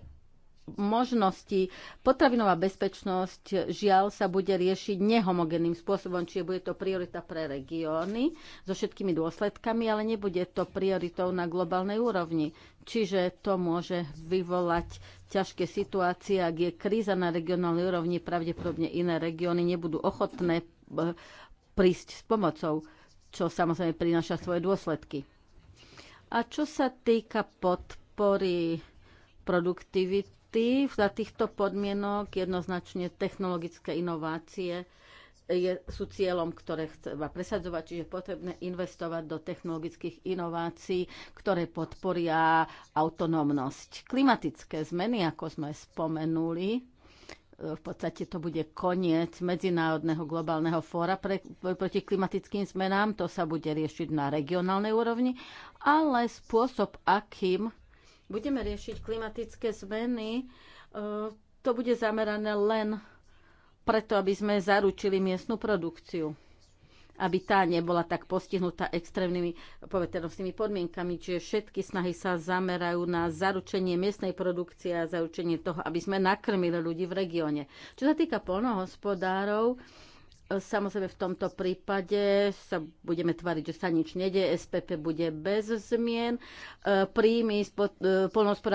možností, potravinová bezpečnosť žiaľ sa bude riešiť nehomogenným spôsobom, čiže bude to priorita pre regióny so všetkými dôsledkami, ale nebude to prioritou na globálnej úrovni. Čiže to môže vyvolať ťažké situácie, ak je kríza na regionálnej úrovni, pravdepodobne iné regióny nebudú ochotné e, prísť s pomocou, čo samozrejme prináša svoje dôsledky. A čo sa týka podpory produktivity, za týchto podmienok jednoznačne technologické inovácie je, sú cieľom, ktoré chceme presadzovať, čiže potrebné investovať do technologických inovácií, ktoré podporia autonómnosť. Klimatické zmeny, ako sme spomenuli, v podstate to bude koniec Medzinárodného globálneho fóra pre, proti klimatickým zmenám. To sa bude riešiť na regionálnej úrovni, ale spôsob, akým budeme riešiť klimatické zmeny, e, to bude zamerané len preto, aby sme zaručili miestnu produkciu aby tá nebola tak postihnutá extrémnymi poveternostnými podmienkami. Čiže všetky snahy sa zamerajú na zaručenie miestnej produkcie a zaručenie toho, aby sme nakrmili ľudí v regióne. Čo sa týka polnohospodárov, Samozrejme v tomto prípade sa budeme tvariť, že sa nič nedie, SPP bude bez zmien, e, príjmy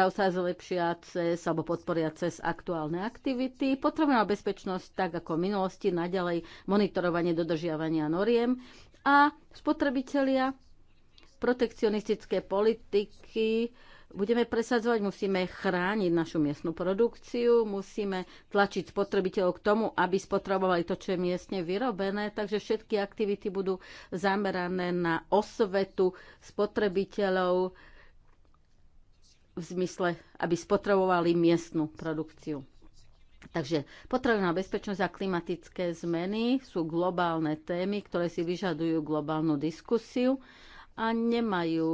sa zlepšia cez alebo podporia cez aktuálne aktivity, potrebná bezpečnosť tak ako v minulosti, naďalej monitorovanie dodržiavania noriem a spotrebitelia protekcionistické politiky, budeme presadzovať, musíme chrániť našu miestnu produkciu, musíme tlačiť spotrebiteľov k tomu, aby spotrebovali to, čo je miestne vyrobené, takže všetky aktivity budú zamerané na osvetu spotrebiteľov v zmysle, aby spotrebovali miestnu produkciu. Takže potrebná bezpečnosť a klimatické zmeny sú globálne témy, ktoré si vyžadujú globálnu diskusiu a nemajú,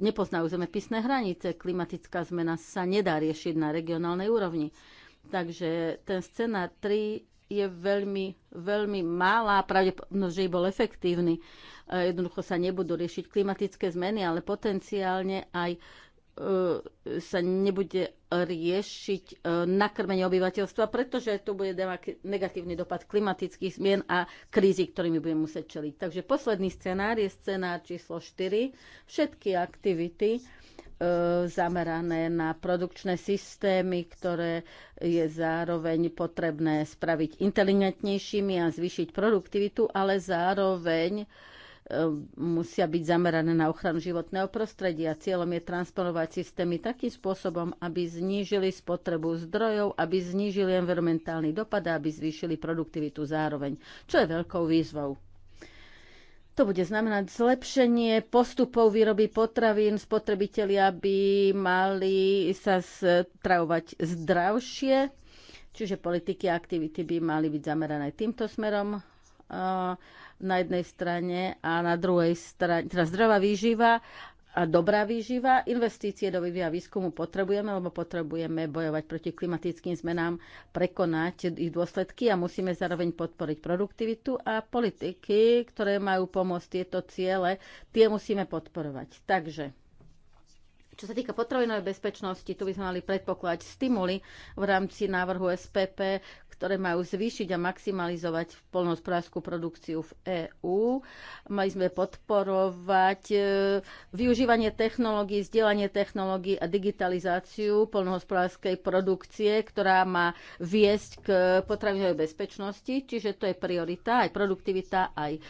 nepoznajú zemepisné hranice. Klimatická zmena sa nedá riešiť na regionálnej úrovni. Takže ten scenár 3 je veľmi, veľmi malá pravdepodobnosť, že bol efektívny. E, jednoducho sa nebudú riešiť klimatické zmeny, ale potenciálne aj E, sa nebude riešiť e, nakrmenie obyvateľstva, pretože tu bude negatívny dopad klimatických zmien a krízy, ktorými budeme musieť čeliť. Takže posledný scenár je scenár číslo 4. Všetky aktivity e, zamerané na produkčné systémy, ktoré je zároveň potrebné spraviť inteligentnejšími a zvýšiť produktivitu, ale zároveň E, musia byť zamerané na ochranu životného prostredia. Cieľom je transponovať systémy takým spôsobom, aby znížili spotrebu zdrojov, aby znížili environmentálny dopad a aby zvýšili produktivitu zároveň, čo je veľkou výzvou. To bude znamenať zlepšenie postupov výroby potravín. Spotrebitelia by mali sa stravovať zdravšie, čiže politiky a aktivity by mali byť zamerané týmto smerom e, na jednej strane a na druhej strane, teda zdravá výživa a dobrá výživa. Investície do vývoja výskumu potrebujeme, lebo potrebujeme bojovať proti klimatickým zmenám, prekonať ich dôsledky a musíme zároveň podporiť produktivitu a politiky, ktoré majú pomôcť tieto ciele, tie musíme podporovať. Takže čo sa týka potravinovej bezpečnosti, tu by sme mali predpokladať stimuly v rámci návrhu SPP, ktoré majú zvýšiť a maximalizovať polnohospodárskú produkciu v EÚ. Mali sme podporovať e, využívanie technológií, zdieľanie technológií a digitalizáciu polnohospodárskej produkcie, ktorá má viesť k potravinovej bezpečnosti, čiže to je priorita, aj produktivita, aj e,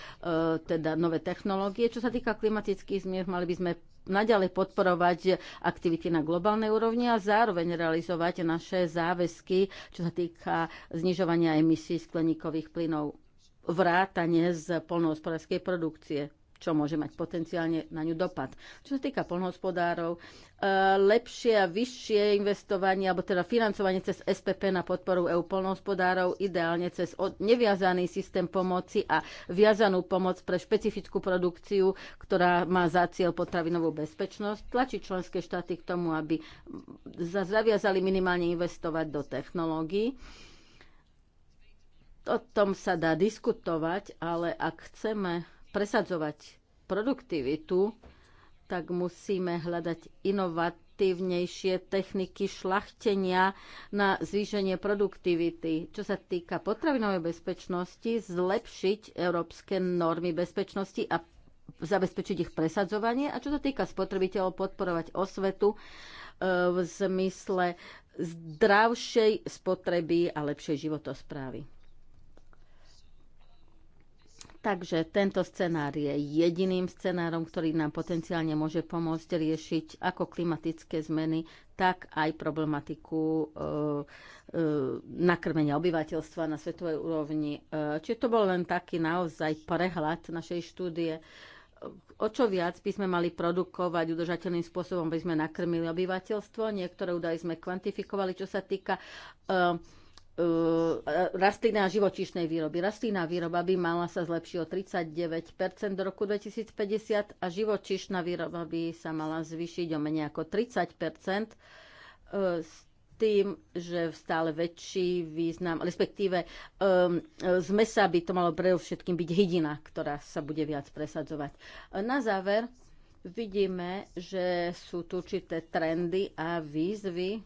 teda nové technológie. Čo sa týka klimatických zmien, mali by sme naďalej podporovať aktivity na globálnej úrovni a zároveň realizovať naše záväzky, čo sa týka znižovania emisí skleníkových plynov vrátane z polnohospodárskej produkcie čo môže mať potenciálne na ňu dopad. Čo sa týka polnohospodárov, e, lepšie a vyššie investovanie, alebo teda financovanie cez SPP na podporu EU polnohospodárov, ideálne cez neviazaný systém pomoci a viazanú pomoc pre špecifickú produkciu, ktorá má za cieľ potravinovú bezpečnosť, tlačí členské štáty k tomu, aby zaviazali minimálne investovať do technológií. O tom sa dá diskutovať, ale ak chceme presadzovať produktivitu, tak musíme hľadať inovatívnejšie techniky šlachtenia na zvýšenie produktivity. Čo sa týka potravinovej bezpečnosti, zlepšiť európske normy bezpečnosti a zabezpečiť ich presadzovanie. A čo sa týka spotrebiteľov, podporovať osvetu e, v zmysle zdravšej spotreby a lepšej životosprávy. Takže tento scenár je jediným scenárom, ktorý nám potenciálne môže pomôcť riešiť ako klimatické zmeny, tak aj problematiku e, e, nakrmenia obyvateľstva na svetovej úrovni. E, čiže to bol len taký naozaj prehľad našej štúdie. E, o čo viac by sme mali produkovať udržateľným spôsobom, by sme nakrmili obyvateľstvo. Niektoré údaje sme kvantifikovali, čo sa týka e, E, rastlina a živočíšnej výroby. Rastlina výroba by mala sa zlepšiť o 39 do roku 2050 a živočíšna výroba by sa mala zvýšiť o menej ako 30 e, s tým, že v stále väčší význam, respektíve um, z mesa by to malo pre všetkým byť hydina, ktorá sa bude viac presadzovať. Na záver vidíme, že sú tu určité trendy a výzvy,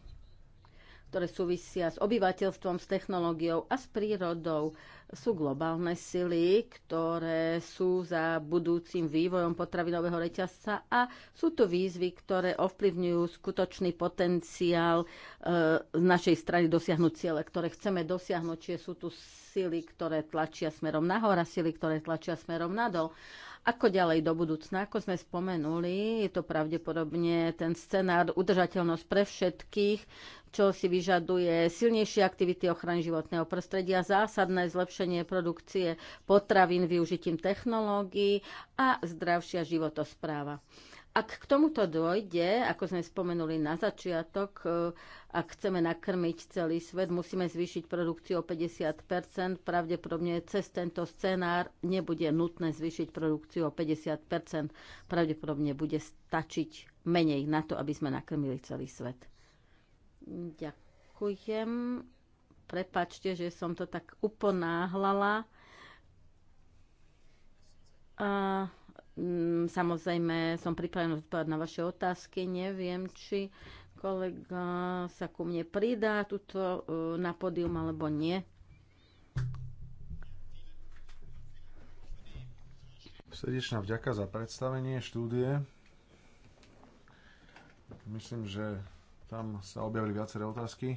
ktoré súvisia s obyvateľstvom, s technológiou a s prírodou. Sú globálne sily, ktoré sú za budúcim vývojom potravinového reťazca a sú to výzvy, ktoré ovplyvňujú skutočný potenciál e, z našej strany dosiahnuť ciele, ktoré chceme dosiahnuť, čiže sú tu sily, ktoré tlačia smerom nahor a sily, ktoré tlačia smerom nadol. Ako ďalej do budúcna? Ako sme spomenuli, je to pravdepodobne ten scenár udržateľnosť pre všetkých, čo si vyžaduje silnejšie aktivity ochrany životného prostredia, zásadné zlepšenie produkcie potravín využitím technológií a zdravšia životospráva. Ak k tomuto dôjde, ako sme spomenuli na začiatok, e, ak chceme nakrmiť celý svet, musíme zvýšiť produkciu o 50 Pravdepodobne cez tento scenár nebude nutné zvýšiť produkciu o 50 Pravdepodobne bude stačiť menej na to, aby sme nakrmili celý svet. Ďakujem. Prepačte, že som to tak uponáhlala. A Mm, samozrejme, som pripravená odpovedať na vaše otázky. Neviem, či kolega sa ku mne pridá tuto e, na pódium alebo nie. Srdečná vďaka za predstavenie štúdie. Myslím, že tam sa objavili viaceré otázky,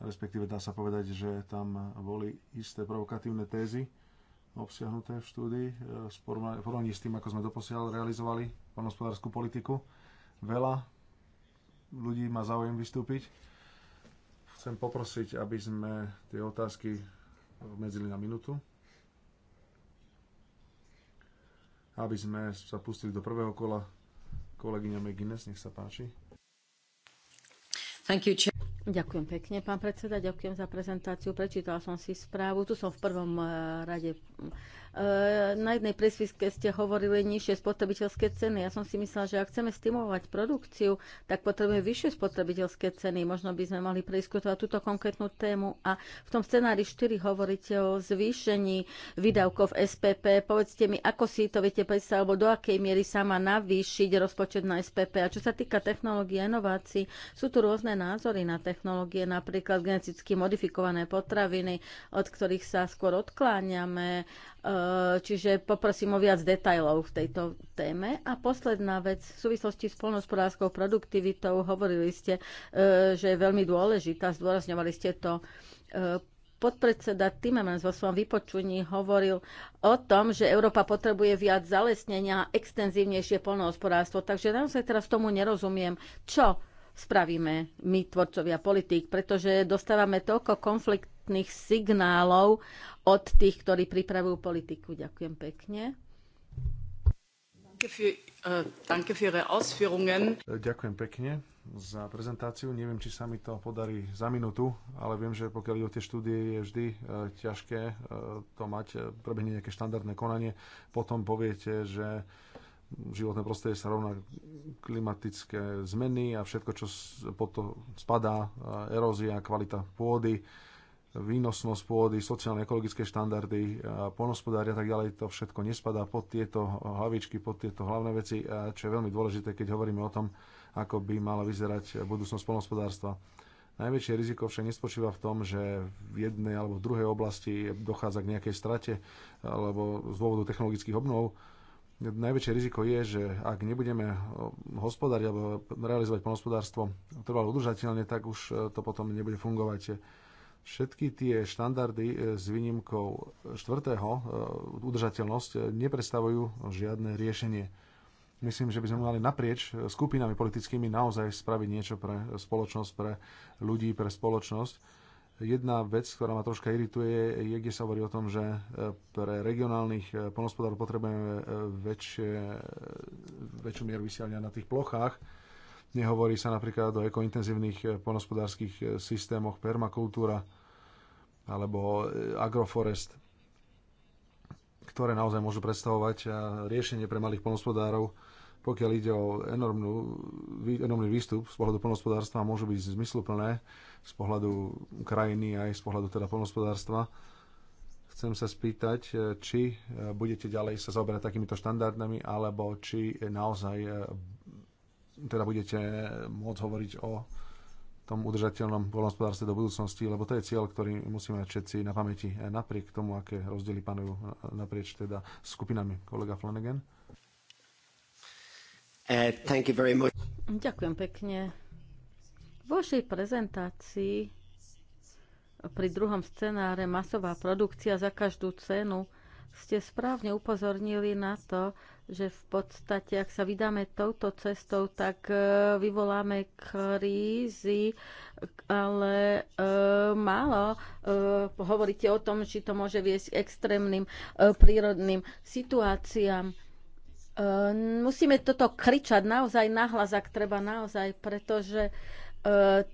respektíve dá sa povedať, že tam boli isté provokatívne tézy obsiahnuté v štúdii e, v porovnaní s tým, ako sme doposiaľ realizovali poľnohospodárskú politiku. Veľa ľudí má záujem vystúpiť. Chcem poprosiť, aby sme tie otázky obmedzili na minútu. Aby sme sa pustili do prvého kola. Kolegyňa McGuinness, nech sa páči. You, Ďakujem pekne, pán predseda, ďakujem za prezentáciu. Prečítala som si správu. Tu som v prvom eh, rade. Eh, na jednej presviske ste hovorili nižšie spotrebiteľské ceny. Ja som si myslela, že ak chceme stimulovať produkciu, tak potrebujeme vyššie spotrebiteľské ceny. Možno by sme mali preiskutovať túto konkrétnu tému. A v tom scenári 4 hovoríte o zvýšení výdavkov SPP. Povedzte mi, ako si to viete predstaviť, alebo do akej miery sa má navýšiť rozpočet na SPP. A čo sa týka technológie a inovácií, sú tu rôzne názory na technológie technológie, napríklad geneticky modifikované potraviny, od ktorých sa skôr odkláňame. Eh, čiže poprosím o viac detajlov v tejto téme. A posledná vec, v súvislosti s polnospodárskou produktivitou hovorili ste, eh, že je veľmi dôležitá, zdôrazňovali ste to eh, podpredseda Timmermans vo svojom vypočuní hovoril o tom, že Európa potrebuje viac zalesnenia a extenzívnejšie polnohospodárstvo. Takže naozaj teraz tomu nerozumiem. Čo spravíme my, tvorcovia politík, pretože dostávame toľko konfliktných signálov od tých, ktorí pripravujú politiku. Ďakujem pekne. Äh, Ďakujem pekne za prezentáciu. Neviem, či sa mi to podarí za minútu, ale viem, že pokiaľ ide o tie štúdie, je vždy e, ťažké e, to mať, e, prebehne nejaké štandardné konanie. Potom poviete, že životné prostredie sa rovná klimatické zmeny a všetko, čo pod to spadá, erózia, kvalita pôdy, výnosnosť pôdy, sociálne ekologické štandardy, ponospodári a tak ďalej, to všetko nespadá pod tieto hlavičky, pod tieto hlavné veci, čo je veľmi dôležité, keď hovoríme o tom, ako by mala vyzerať budúcnosť ponospodárstva. Najväčšie riziko však nespočíva v tom, že v jednej alebo v druhej oblasti dochádza k nejakej strate alebo z dôvodu technologických obnov, najväčšie riziko je, že ak nebudeme eh, hospodáriť alebo realizovať ponospodárstvo trvalo udržateľne, tak už eh, to potom nebude fungovať. Všetky tie štandardy eh, s výnimkou štvrtého, udržateľnosť, nepredstavujú žiadne riešenie. Myslím, že by sme mali naprieč skupinami politickými naozaj spraviť niečo pre spoločnosť, pre ľudí, pre spoločnosť Jedna vec, ktorá ma troška irituje, je, kde sa hovorí o tom, že e, pre regionálnych e, polnospodárov potrebujeme e, väčšie, väčšiu mieru vysielania na tých plochách. Nehovorí sa napríklad o ekointenzívnych polnospodárských systémoch, permakultúra alebo agroforest, ktoré naozaj môžu predstavovať riešenie pre malých polnospodárov, pokiaľ ide o enormnú, enormný výstup z pohľadu polnospodárstva, môžu byť zmysluplné z pohľadu krajiny aj z pohľadu teda polnospodárstva. Chcem sa spýtať, e, či e, budete ďalej sa zaoberať takýmito štandardami, alebo či naozaj e, teda budete môcť hovoriť o tom udržateľnom polnospodárstve do budúcnosti, lebo to je cieľ, ktorý musíme mať všetci na pamäti, napriek tomu, aké rozdiely panujú naprieč teda skupinami. Kolega Flanagan. Uh, Ďakujem pekne vašej prezentácii pri druhom scenáre masová produkcia za každú cenu ste správne upozornili na to, že v podstate, ak sa vydáme touto cestou, tak e, vyvoláme krízy, ale e, málo e, hovoríte o tom, či to môže viesť k extrémnym e, prírodným situáciám. E, musíme toto kričať naozaj nahlas, ak treba naozaj, pretože e, E,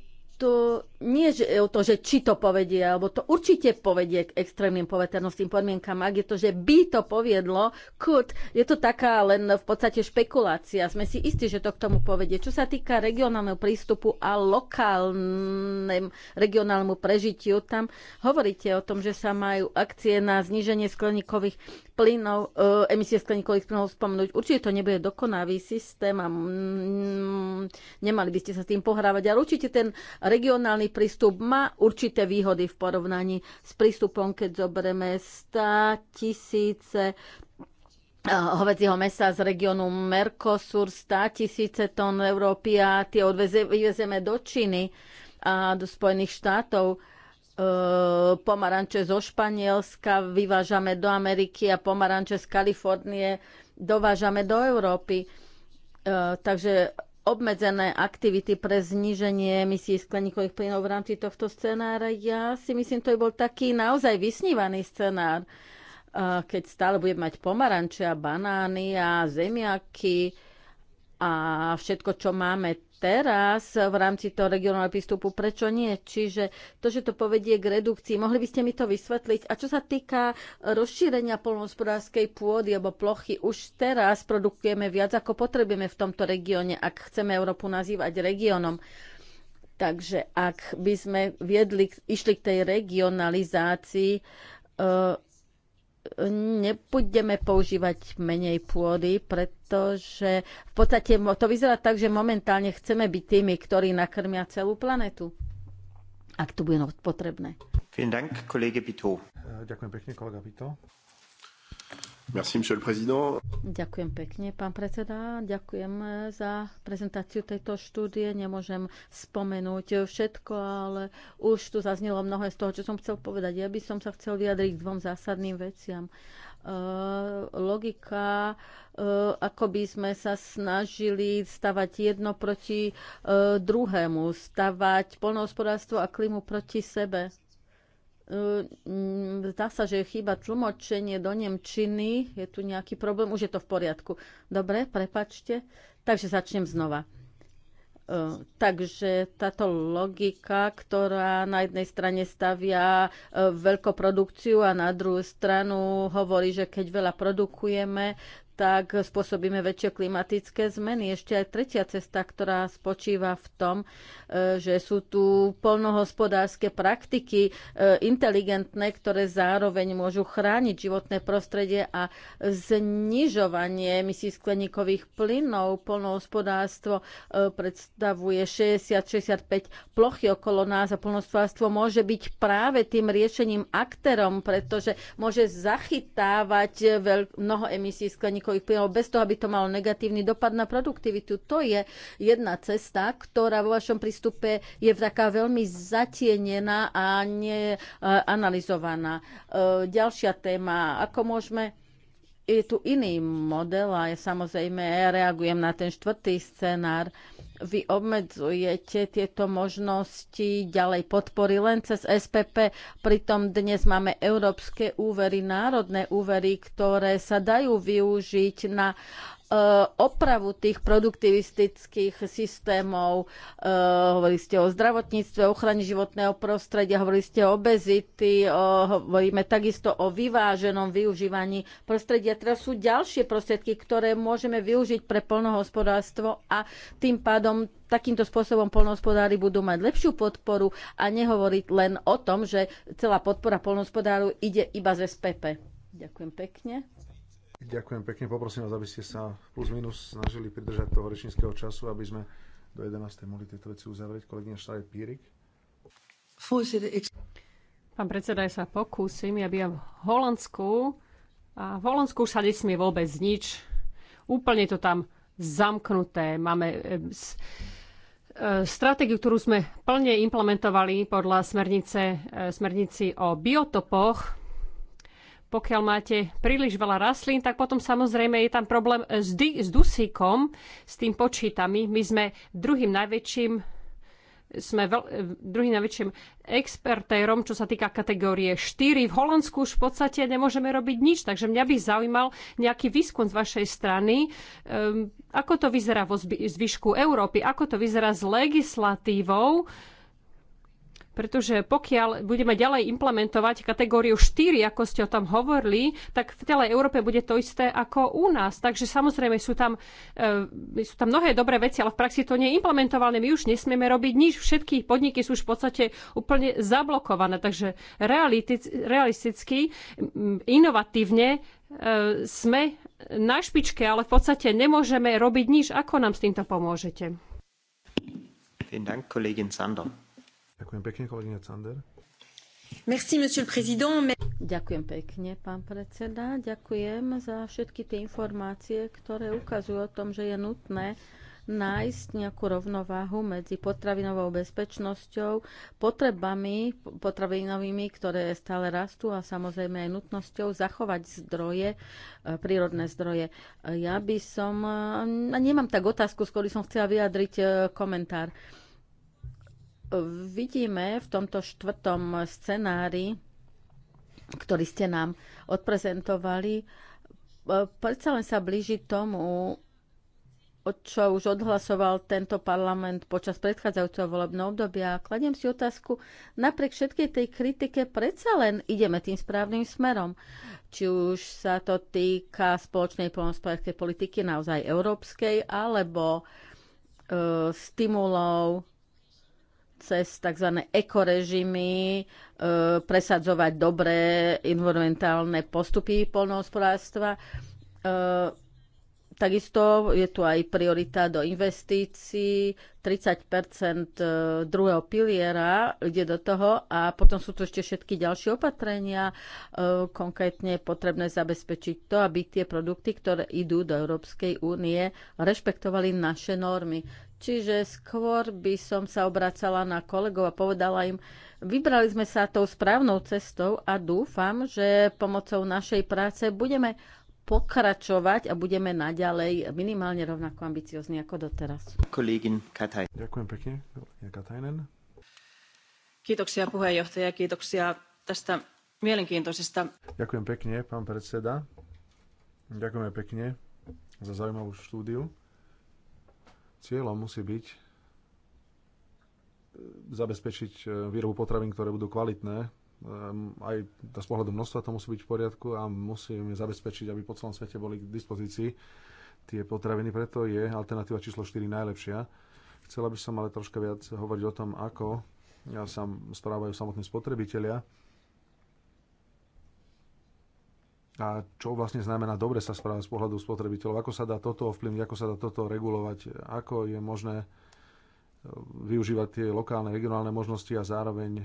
to nie je o to, že či to povedie, alebo to určite povedie k extrémnym poveternostným podmienkam. Ak je to, že by to poviedlo, kut je to taká len v podstate špekulácia. Sme si istí, že to k tomu povedie. Čo sa týka regionálneho prístupu a lokálnym regionálnemu prežitiu, tam hovoríte o tom, že sa majú akcie na zníženie skleníkových plynov, e, emisie skleníkových plynov spomenúť. Určite to nebude dokonavý systém a mm, nemali by ste sa tým pohrávať, ale určite ten regionálny prístup má určité výhody v porovnaní s prístupom, keď zoberieme 100 tisíce e, hovedzieho mesa z regiónu Mercosur, 100 tisíce tón Európy a tie odvezieme do Číny a do Spojených štátov E, pomaranče zo Španielska, vyvážame do Ameriky a pomaranče z Kalifornie dovážame do Európy. E, takže obmedzené aktivity pre zníženie emisí skleníkových plynov v rámci tohto scenára. Ja si myslím, to by bol taký naozaj vysnívaný scenár, e, keď stále budeme mať pomaranče a banány a zemiaky, a všetko, čo máme teraz v rámci toho regionálneho prístupu, prečo nie? Čiže to, že to povedie k redukcii, mohli by ste mi to vysvetliť? A čo sa týka rozšírenia polnohospodárskej pôdy alebo plochy, už teraz produkujeme viac, ako potrebujeme v tomto regióne, ak chceme Európu nazývať regiónom. Takže ak by sme viedli, išli k tej regionalizácii, e, nebudeme používať menej pôdy, pretože v podstate to vyzerá tak, že momentálne chceme byť tými, ktorí nakrmia celú planetu, ak to bude potrebné. Ďakujem, Ďakujem pekne, kolega Pito. Merci, monsieur le président. Ďakujem pekne, pán predseda. Ďakujem eh, za prezentáciu tejto štúdie. Nemôžem spomenúť všetko, ale už tu zaznelo mnohé z toho, čo som chcel povedať. Ja by som sa chcel vyjadriť k dvom zásadným veciam. Eh, logika, eh, ako by sme sa snažili stavať jedno proti druhému, stavať polnohospodárstvo a klimu proti sebe Hm, zdá sa, že chyba tlmočenie do Nemčiny. Je tu nejaký problém? Už je to v poriadku. Dobre, prepačte. Takže začnem znova. Hm, takže táto logika, ktorá na jednej strane stavia hm, veľkoprodukciu a na druhú stranu hovorí, že keď veľa produkujeme, tak spôsobíme väčšie klimatické zmeny. Ešte aj tretia cesta, ktorá spočíva v tom, e, že sú tu polnohospodárske praktiky e, inteligentné, ktoré zároveň môžu chrániť životné prostredie a znižovanie emisí skleníkových plynov. Polnohospodárstvo e, predstavuje 60-65 plochy okolo nás a polnohospodárstvo môže byť práve tým riešením aktérom, pretože môže zachytávať mnoho emisí skleníkových skleníkových plynov bez toho, aby to malo negatívny dopad na produktivitu. To je jedna cesta, ktorá vo vašom prístupe je taká veľmi zatienená a neanalizovaná. E, ďalšia téma, ako môžeme je tu iný model a ja samozrejme ja reagujem na ten štvrtý scenár, vy obmedzujete tieto možnosti ďalej podpory len cez SPP. Pritom dnes máme európske úvery, národné úvery, ktoré sa dajú využiť na Eh, opravu tých produktivistických systémov. Eh, hovorili ste o zdravotníctve, ochrane životného prostredia, hovorili ste o obezity, hovoríme takisto o vyváženom využívaní prostredia. Teraz sú ďalšie prostriedky, ktoré môžeme využiť pre plnohospodárstvo a tým pádom takýmto spôsobom polnohospodári budú mať lepšiu podporu a nehovoriť len o tom, že celá podpora polnohospodáru ide iba z SPP. Ďakujem pekne. Ďakujem pekne. Poprosím vás, aby ste sa plus minus snažili pridržať toho rečníckého času, aby sme do 11. mohli tieto veci uzavrieť. Kolegyňa Štále Pírik. Pán predseda, ja sa pokúsim. Ja bývam v Holandsku a v Holandsku už sa nesmie vôbec nič. Úplne to tam zamknuté. Máme e, e, stratégiu, ktorú sme plne implementovali podľa smernice, e, smernici o biotopoch, pokiaľ máte príliš veľa rastlín, tak potom samozrejme je tam problém s, di- s dusíkom, s tým počítami. My sme druhým najväčším sme veľ, druhým najväčším expertérom, čo sa týka kategórie 4. V Holandsku už v podstate nemôžeme robiť nič, takže mňa by zaujímal nejaký výskum z vašej strany. Um, ako to vyzerá vo zvyšku Európy? Ako to vyzerá s legislatívou? Uh, pretože pokiaľ budeme ďalej implementovať kategóriu 4, ako ste o tom hovorili, tak v celej Európe bude to isté ako u nás. Takže samozrejme sú tam, e, sú tam mnohé dobré veci, ale v praxi to nie je implementované. My už nesmieme robiť nič. Všetky podniky sú už v podstate úplne zablokované. Takže realitic, realisticky, mm, inovatívne e, sme na špičke, ale v podstate nemôžeme robiť nič. Ako nám s týmto pomôžete? Vielen Dank, Kollegin Sander. Ďakujem pekne, kolegyňa Cander. Merci, monsieur le président. Ďakujem pekne, pán predseda. Ďakujem za všetky tie informácie, ktoré ukazujú o tom, že je nutné nájsť nejakú rovnováhu medzi potravinovou bezpečnosťou, potrebami potravinovými, ktoré stále rastú a samozrejme aj nutnosťou zachovať zdroje, e, prírodné zdroje. Ja by som, e, nemám tak otázku, skôr som chcela vyjadriť e, komentár vidíme v tomto štvrtom scenári, ktorý ste nám odprezentovali, e, predsa len sa blíži tomu, čo už odhlasoval tento parlament počas predchádzajúceho volebného obdobia. Kladiem si otázku, napriek všetkej tej kritike predsa len ideme tým správnym smerom. Či už sa to týka spoločnej polnospodárskej politiky, naozaj európskej, alebo e, stimulov cez tzv. ekorežimy e, presadzovať dobré environmentálne postupy polnohospodárstva. E, takisto je tu aj priorita do investícií. 30 e, druhého piliera ide do toho a potom sú tu ešte všetky ďalšie opatrenia. E, konkrétne je potrebné zabezpečiť to, aby tie produkty, ktoré idú do Európskej únie, rešpektovali naše normy. Čiže skôr by som sa obracala na kolegov a povedala im, vybrali sme sa tou správnou cestou a dúfam, že pomocou našej práce budeme pokračovať a budeme naďalej minimálne rovnako ambiciozni ako doteraz. Kolegin Kataj. Ďakujem pekne, Katajnen. Kiitoksia puheenjohtaja, kiitoksia tästä mielenkiintoisesta. Ďakujem pekne, pán predseda. Ďakujeme pekne za zaujímavú štúdiu. Cieľom musí byť e, zabezpečiť e, výrobu potravín, ktoré budú kvalitné, e, aj z pohľadu množstva to musí byť v poriadku a musíme zabezpečiť, aby po celom svete boli k dispozícii tie potraviny. Preto je alternatíva číslo 4 najlepšia. Chcela by som ale troška viac hovoriť o tom, ako ja sa správajú samotní spotrebitelia a čo vlastne znamená dobre sa správať z pohľadu spotrebiteľov, ako sa dá toto ovplyvniť, ako sa dá toto regulovať, ako je možné e, využívať tie lokálne, regionálne možnosti a zároveň e,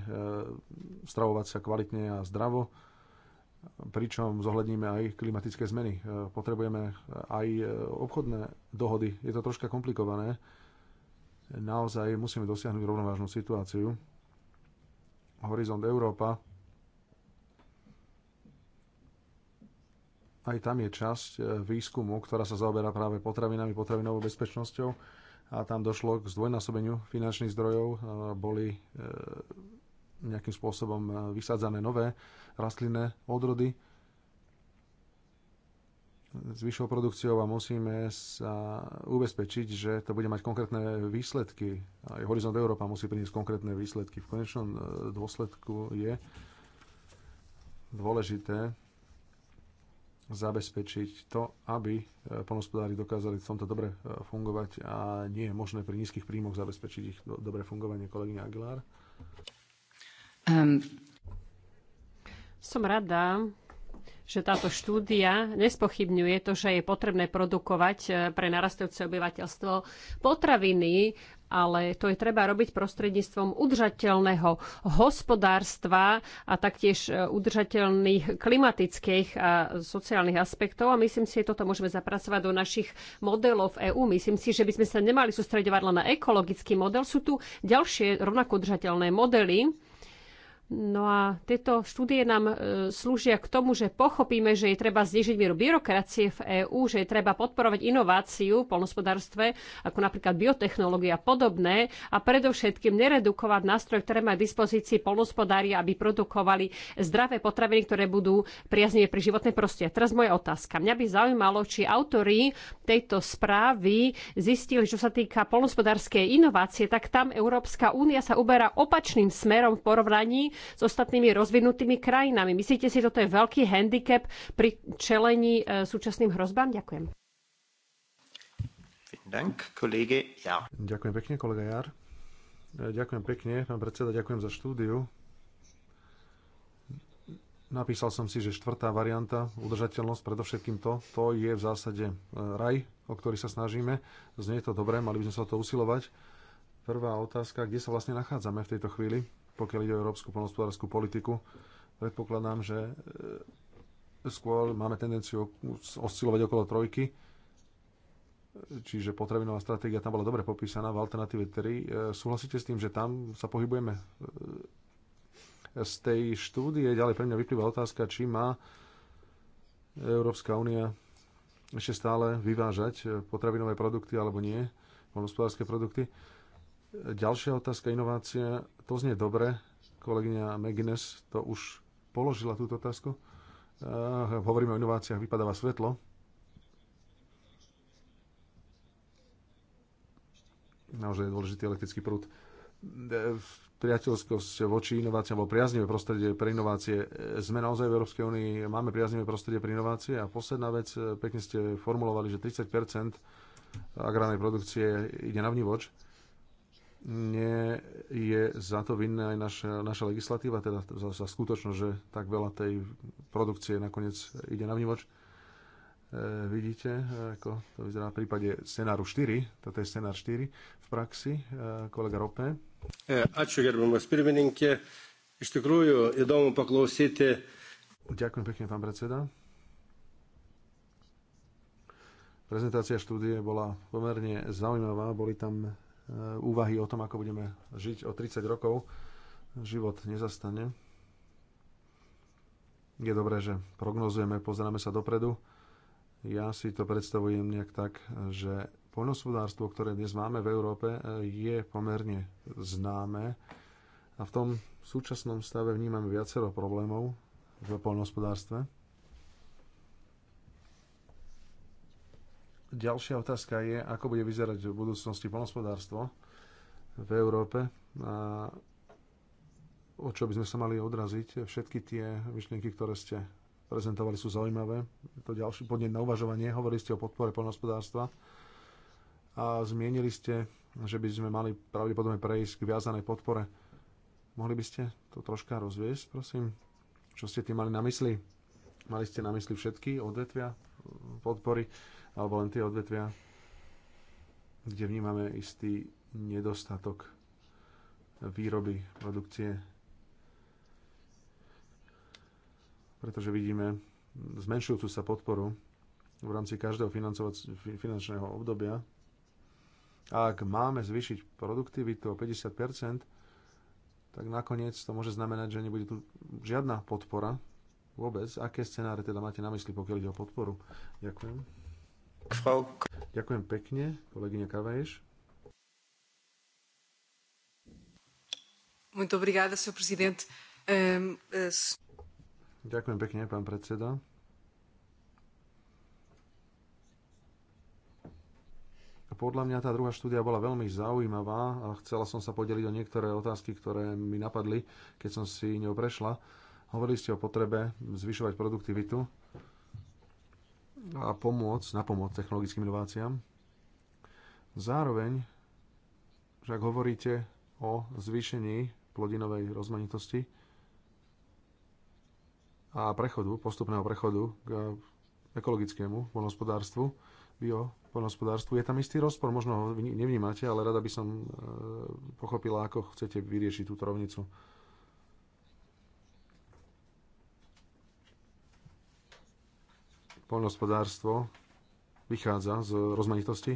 stravovať sa kvalitne a zdravo, pričom zohľadníme aj klimatické zmeny. E, potrebujeme aj obchodné dohody. Je to troška komplikované. Naozaj musíme dosiahnuť rovnovážnu situáciu. Horizont Európa Aj tam je časť e, výskumu, ktorá sa zaoberá práve potravinami, potravinovou bezpečnosťou a tam došlo k zdvojnásobeniu finančných zdrojov. Boli e, nejakým spôsobom e, vysádzané nové rastlinné odrody s vyššou produkciou a musíme sa ubezpečiť, že to bude mať konkrétne výsledky. Aj Horizont Európa musí priniesť konkrétne výsledky. V konečnom dôsledku je dôležité zabezpečiť to, aby e, polnospodári dokázali v tomto dobre e, fungovať a nie je možné pri nízkych príjmoch zabezpečiť ich do, dobre fungovanie, kolegyňa Aguilar? Um, som rada, že táto štúdia nespochybňuje to, že je potrebné produkovať e, pre narastajúce obyvateľstvo potraviny, ale to je treba robiť prostredníctvom udržateľného hospodárstva a taktiež e, udržateľných klimatických a sociálnych aspektov. A myslím si, že toto môžeme zapracovať do našich modelov v EÚ. Myslím si, že by sme sa nemali sústredovať len na ekologický model. Sú tu ďalšie rovnako udržateľné modely, No a tieto štúdie nám e, slúžia k tomu, že pochopíme, že je treba znižiť mieru byrokracie v EÚ, že je treba podporovať inováciu v polnospodárstve, ako napríklad biotechnológia a podobné, a predovšetkým neredukovať nástroj, ktoré majú dispozícii polnospodári, aby produkovali zdravé potraviny, ktoré budú priaznivé pre životné prostredie. Teraz moja otázka. Mňa by zaujímalo, či autori tejto správy zistili, čo sa týka polnospodárskej inovácie, tak tam Európska únia sa uberá opačným smerom v porovnaní s ostatnými rozvinutými krajinami. Myslíte si, toto je veľký handicap pri čelení e, súčasným hrozbám? Ďakujem. Dank, kolege Ďakujem pekne, kolega Jar. E, ďakujem pekne, pán predseda, ďakujem za štúdiu. Napísal som si, že štvrtá varianta, udržateľnosť, predovšetkým to, to je v zásade e, raj, o ktorý sa snažíme. Znie to dobre, mali by sme sa o to usilovať. Prvá otázka, kde sa vlastne nachádzame v tejto chvíli? pokiaľ ide o európsku polnospodárskú politiku. Predpokladám, že e, skôr máme tendenciu oscilovať okolo trojky, čiže potravinová stratégia tam bola dobre popísaná v alternatíve 3. E, súhlasíte s tým, že tam sa pohybujeme e, z tej štúdie? Ďalej pre mňa vyplýva otázka, či má Európska únia ešte stále vyvážať potravinové produkty alebo nie, polnospodárske produkty. Ďalšia otázka, inovácia. To znie dobre. Kolegyňa Megines to už položila túto otázku. Uh, hovoríme o inováciách, vypadáva svetlo. Naozaj je dôležitý elektrický prúd. Eh, priateľskosť voči inováciám alebo priaznivé prostredie pre inovácie. Eh, sme naozaj v Európskej únii, máme priaznivé prostredie pre inovácie. A posledná vec, pekne ste formulovali, že 30 agrárnej produkcie ide na vnívoč nie je za to vinná aj naša, naša legislatíva, teda za, za skutočnosť, že tak veľa tej produkcie nakoniec ide na vnívoč. E, vidíte, ako to vyzerá v prípade scenáru 4, toto je scenár 4 v praxi, e, kolega Rope. E, ačiū gerbiamas pirmininkė, iš tikrųjų įdomu paklausyti. Ďakujem pekne, pán predseda. Prezentácia štúdie bola pomerne zaujímavá, boli tam E, úvahy o tom, ako budeme žiť o 30 rokov, život nezastane. Je dobré, že prognozujeme, pozeráme sa dopredu. Ja si to predstavujem nejak tak, že poľnospodárstvo, ktoré dnes máme v Európe, e, je pomerne známe a v tom súčasnom stave vnímame viacero problémov v poľnospodárstve. Ďalšia otázka je, ako bude vyzerať v budúcnosti polnospodárstvo v Európe a o čo by sme sa mali odraziť. Všetky tie myšlienky, ktoré ste prezentovali, sú zaujímavé. To ďalší podnet na uvažovanie. Hovorili ste o podpore polnospodárstva a zmienili ste, že by sme mali pravdepodobne prejsť k viazanej podpore. Mohli by ste to troška rozviesť, prosím? Čo ste tým mali na mysli? Mali ste na mysli všetky odvetvia podpory? alebo len tie odvetvia, kde vnímame istý nedostatok výroby, produkcie. Pretože vidíme zmenšujúcu sa podporu v rámci každého finančného obdobia. A ak máme zvyšiť produktivitu o 50 tak nakoniec to môže znamenať, že nebude tu žiadna podpora vôbec. Aké scenáre teda máte na mysli, pokiaľ ide o podporu? Ďakujem. Ďakujem pekne, kolegyňa Kavajš. Muito obrigada, senhor presidente. Um, uh... Ďakujem pekne, pán predseda. Podľa mňa tá druhá štúdia bola veľmi zaujímavá a chcela som sa podeliť o niektoré otázky, ktoré mi napadli, keď som si ňou prešla. Hovorili ste o potrebe zvyšovať produktivitu a pomôcť, na pomoc technologickým inováciám. Zároveň, že ak hovoríte o zvýšení plodinovej rozmanitosti a prechodu, postupného prechodu k ekologickému poľnohospodárstvu, bio poľnohospodárstvu, je tam istý rozpor, možno ho nevnímate, ale rada by som e, pochopila, ako chcete vyriešiť túto rovnicu. Poľnohospodárstvo vychádza z rozmanitosti.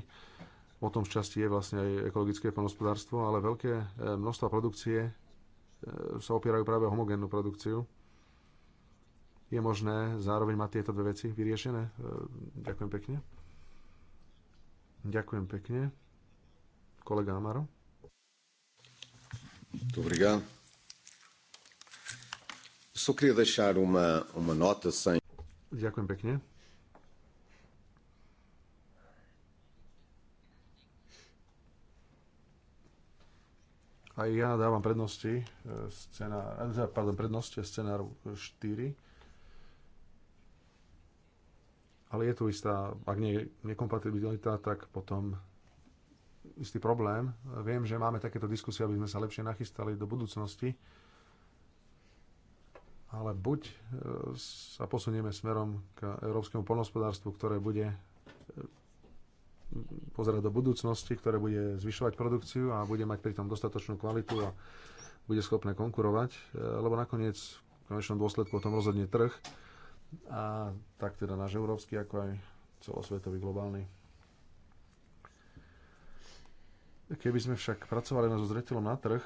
O tom v časti je vlastne aj ekologické poľnohospodárstvo, ale veľké e, množstva produkcie e, sa opierajú práve o homogénnu produkciu. Je možné zároveň mať tieto dve veci vyriešené? E, ďakujem pekne. Ďakujem pekne. Kolega Amaro. Dobrý deň. Só queria deixar uma, uma nota sem... Ďakujem pekne. A ja dávam prednosti, e, scéna, e, pardon, prednosti scenáru 4. Ale je tu istá, ak nie nekompatibilita, tak potom istý problém. Viem, že máme takéto diskusie, aby sme sa lepšie nachystali do budúcnosti. Ale buď e, sa posunieme smerom k európskemu poľnohospodárstvu, ktoré bude pozerať do budúcnosti, ktoré bude zvyšovať produkciu a bude mať pritom dostatočnú kvalitu a bude schopné konkurovať, eh, lebo nakoniec v konečnom dôsledku o tom rozhodne trh a tak teda náš európsky, ako aj celosvetový, globálny. Keby sme však pracovali na so zretelom na trh,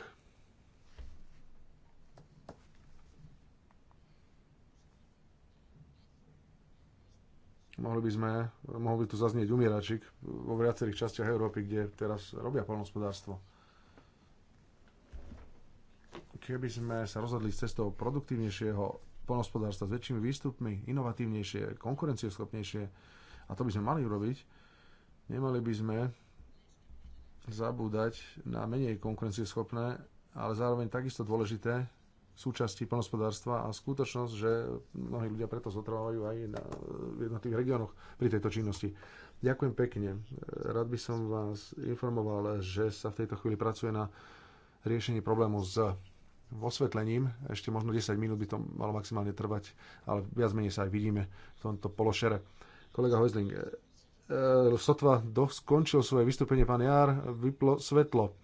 mohli by sme, mohol by tu zaznieť umieračik vo viacerých častiach Európy, kde teraz robia polnospodárstvo. Keby sme sa rozhodli s cestou produktívnejšieho polnospodárstva s väčšími výstupmi, inovatívnejšie, konkurencieschopnejšie, a to by sme mali urobiť, nemali by sme zabúdať na menej konkurencieschopné, ale zároveň takisto dôležité súčasti plnospodárstva a skutočnosť, že mnohí ľudia preto zotrvávajú aj na, v jednotlivých regiónoch pri tejto činnosti. Ďakujem pekne. Rád by som vás informoval, že sa v tejto chvíli pracuje na riešení problému s osvetlením. Ešte možno 10 minút by to malo maximálne trvať, ale viac menej sa aj vidíme v tomto pološere. Kolega Hojzling, e, e, sotva skončil svoje vystúpenie pán Jár, vyplo svetlo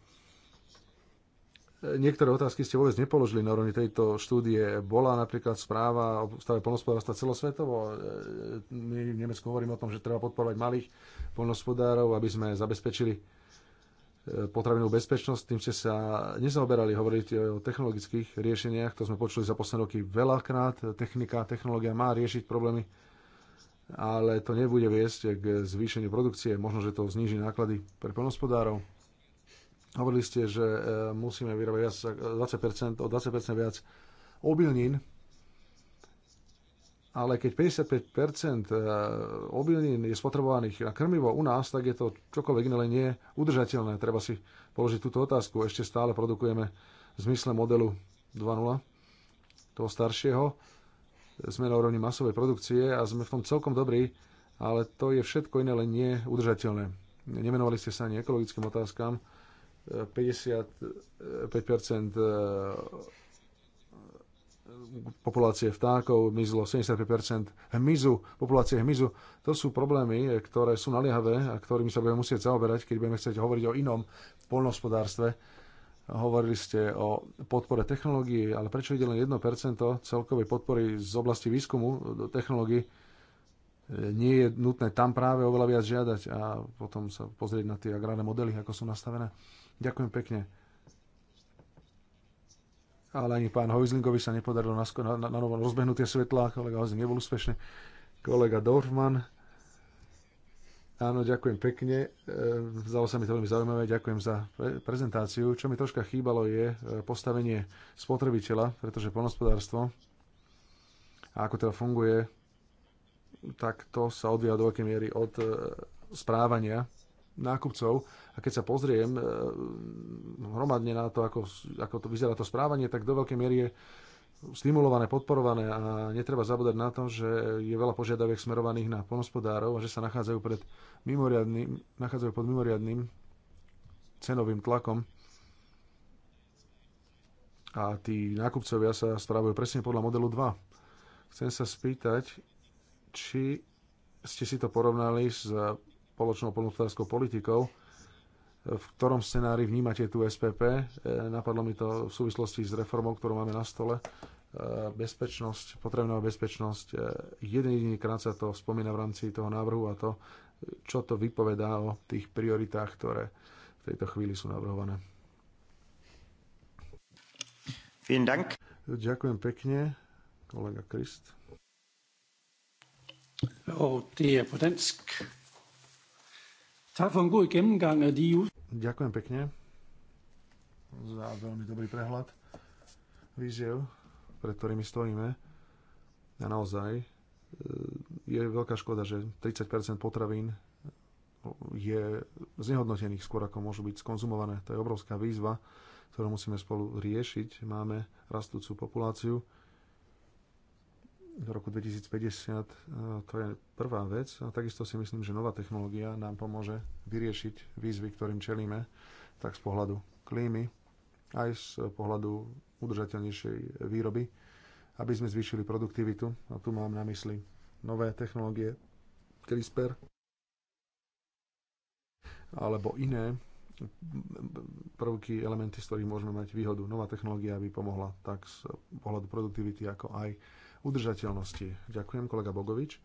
Niektoré otázky ste vôbec nepoložili na rovni tejto štúdie. Bola napríklad správa o stave polnospodárstva celosvetovo. My v Nemecku hovoríme o tom, že treba podporovať malých polnospodárov, aby sme zabezpečili eh, potravinovú bezpečnosť. Tým ste sa nezaoberali hovoriť eh, o technologických riešeniach. To sme počuli za posledné roky veľakrát. Technika, technológia má riešiť problémy, ale to nebude viesť k zvýšeniu produkcie. Možno, že to zníži náklady pre polnospodárov Hovorili ste, že e, musíme vyrábať viac, 20%, o 20% viac obilnín, ale keď 55% e, obilnín je spotrebovaných na krmivo u nás, tak je to čokoľvek iné, nie udržateľné. Treba si položiť túto otázku. Ešte stále produkujeme v zmysle modelu 2.0, toho staršieho. Sme na úrovni masovej produkcie a sme v tom celkom dobrí, ale to je všetko iné, len nie udržateľné. Nemenovali ste sa ani ekologickým otázkam 55 e, populácie vtákov, mizlo 75 hmyzu, populácie hmyzu. To sú problémy, ktoré sú naliehavé a ktorými sa budeme musieť zaoberať, keď budeme chcieť hovoriť o inom poľnohospodárstve. Hovorili ste o podpore technológií, ale prečo ide len 1% celkovej podpory z oblasti výskumu technológií? nie je nutné tam práve oveľa viac žiadať a potom sa pozrieť na tie agrárne modely, ako sú nastavené. Ďakujem pekne. Ale ani pán Hojzlingovi sa nepodarilo na, na, na novo rozbehnúť tie svetlá, kolega Hojzling nebol úspešný. Kolega Dorfman. Áno, ďakujem pekne. E, zdalo sa mi to veľmi zaujímavé. Ďakujem za pre- prezentáciu. Čo mi troška chýbalo je e, postavenie spotrebiteľa, pretože poľnospodárstvo a ako teda funguje tak to sa odvíja do veľkej miery od e, správania nákupcov. A keď sa pozriem e, hromadne na to, ako, ako to vyzerá to správanie, tak do veľkej miery je stimulované, podporované a netreba zabúdať na to, že je veľa požiadaviek smerovaných na ponospodárov a že sa nachádzajú, pred mimoriadným, nachádzajú pod mimoriadným cenovým tlakom a tí nákupcovia sa správajú presne podľa modelu 2. Chcem sa spýtať, či ste si to porovnali s spoločnou polnohospodárskou politikou, v ktorom scenári vnímate tú SPP. E, napadlo mi to v súvislosti s reformou, ktorú máme na stole. E, bezpečnosť, potrebná bezpečnosť. E, jeden jediný krát sa to spomína v rámci toho návrhu a to, čo to vypovedá o tých prioritách, ktoré v tejto chvíli sú navrhované. Ďakujem pekne, kolega Krist. Er Ďakujem pekne za veľmi dobrý prehľad víziev, pred ktorými stojíme. A naozaj e, je veľká škoda, že 30% potravín e, je znehodnotených skôr ako môžu byť skonzumované. To je obrovská výzva, ktorú musíme spolu riešiť. Máme rastúcu populáciu, do roku 2050, e, to je prvá vec. A takisto si myslím, že nová technológia nám pomôže vyriešiť výzvy, ktorým čelíme, tak z pohľadu klímy, aj z pohľadu udržateľnejšej výroby, aby sme zvýšili produktivitu. A tu mám na mysli nové technológie CRISPR alebo iné prvky, elementy, z ktorých môžeme mať výhodu. Nová technológia by pomohla tak z pohľadu produktivity, ako aj udržateľnosti. Ďakujem, kolega Bogovič.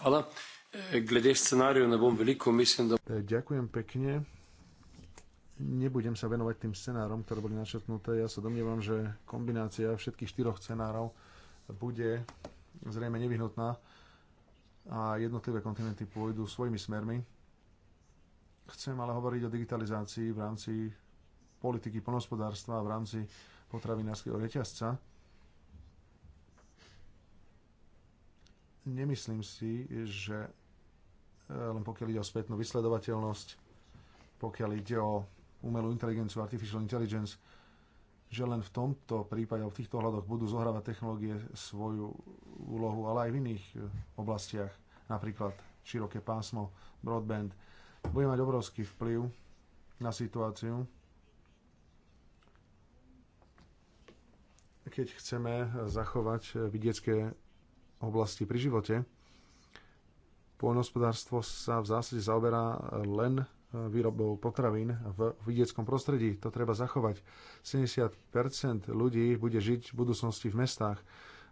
Chvala. E, glede scenáriu nebom veľkú, myslím, da... E, ďakujem pekne. Nebudem sa venovať tým scenárom, ktoré boli načrtnuté. Ja sa domnievam, že kombinácia všetkých štyroch scenárov bude zrejme nevyhnutná a jednotlivé kontinenty pôjdu svojimi smermi. Chcem ale hovoriť o digitalizácii v rámci politiky ponospodárstva, v rámci potravinárskeho reťazca Nemyslím si, že e, len pokiaľ ide o spätnú vysledovateľnosť, pokiaľ ide o umelú inteligenciu, artificial intelligence, že len v tomto prípade, v týchto hľadoch budú zohrávať technológie svoju úlohu, ale aj v iných e, oblastiach, napríklad široké pásmo, broadband, bude mať obrovský vplyv na situáciu. Keď chceme zachovať e, vidiecké oblasti pri živote. Poľnohospodárstvo sa v zásade zaoberá len e, výrobou potravín v vidieckom prostredí. To treba zachovať. 70 ľudí bude žiť v budúcnosti v mestách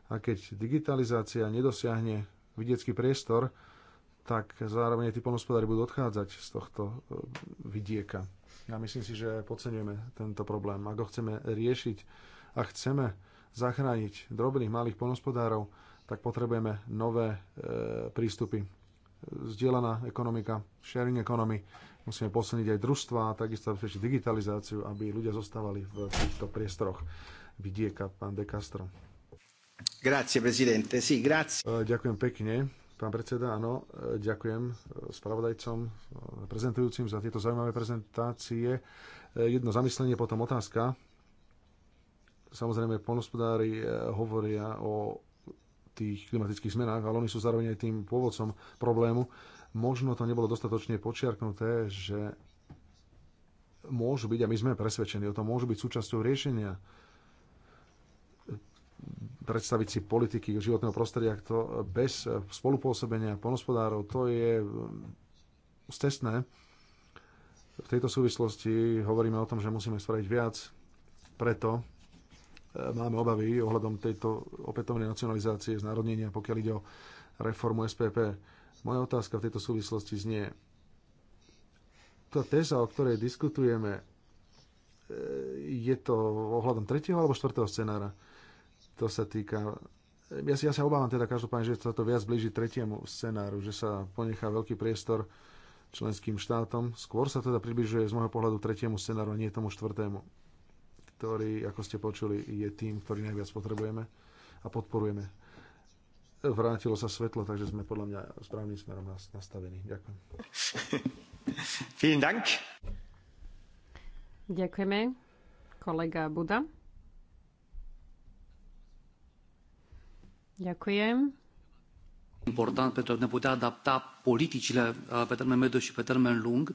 a keď digitalizácia nedosiahne vidiecký priestor, tak zároveň tí polnospodári budú odchádzať z tohto e, vidieka. Ja myslím si, že podceňujeme tento problém. Ak ho chceme riešiť a chceme zachrániť drobných malých polnospodárov, tak potrebujeme nové e, prístupy. Zdieľaná ekonomika, sharing economy, musíme posilniť aj družstva a takisto zabezpečiť digitalizáciu, aby ľudia zostávali v týchto priestoroch vidieka, pán De Castro. Grazie, prezidente. Sí, grazie. E, ďakujem pekne, pán predseda. Áno, e, ďakujem spravodajcom, prezentujúcim za tieto zaujímavé prezentácie. Jedno zamyslenie, potom otázka. Samozrejme, polnospodári hovoria o tých klimatických zmenách, ale oni sú zároveň aj tým pôvodcom problému. Možno to nebolo dostatočne počiarknuté, že môžu byť, a my sme presvedčení o tom, môžu byť súčasťou riešenia predstaviť si politiky životného prostredia to bez spolupôsobenia ponospodárov, to je um, stesné. V tejto súvislosti hovoríme o tom, že musíme spraviť viac, preto E, máme obavy ohľadom tejto opätovnej nacionalizácie, znárodnenia, pokiaľ ide o reformu SPP. Moja otázka v tejto súvislosti znie, tá téza, o ktorej diskutujeme, e, je to ohľadom tretieho alebo štvrtého scenára. To sa týka... Ja, ja sa obávam teda každopádne, že sa to viac blíži tretiemu scenáru, že sa ponechá veľký priestor členským štátom. Skôr sa teda približuje z môjho pohľadu tretiemu scenáru a nie tomu štvrtému ktorý, ako ste počuli, je tým, ktorý najviac potrebujeme a podporujeme. Vrátilo sa svetlo, takže sme podľa mňa správnym smerom nastavení. Ďakujem. [LAUGHS] Vielen Dank. Ďakujeme, kolega Buda. Ďakujem important pentru a ne putea adapta politicile uh, pe termen mediu și pe termen lung.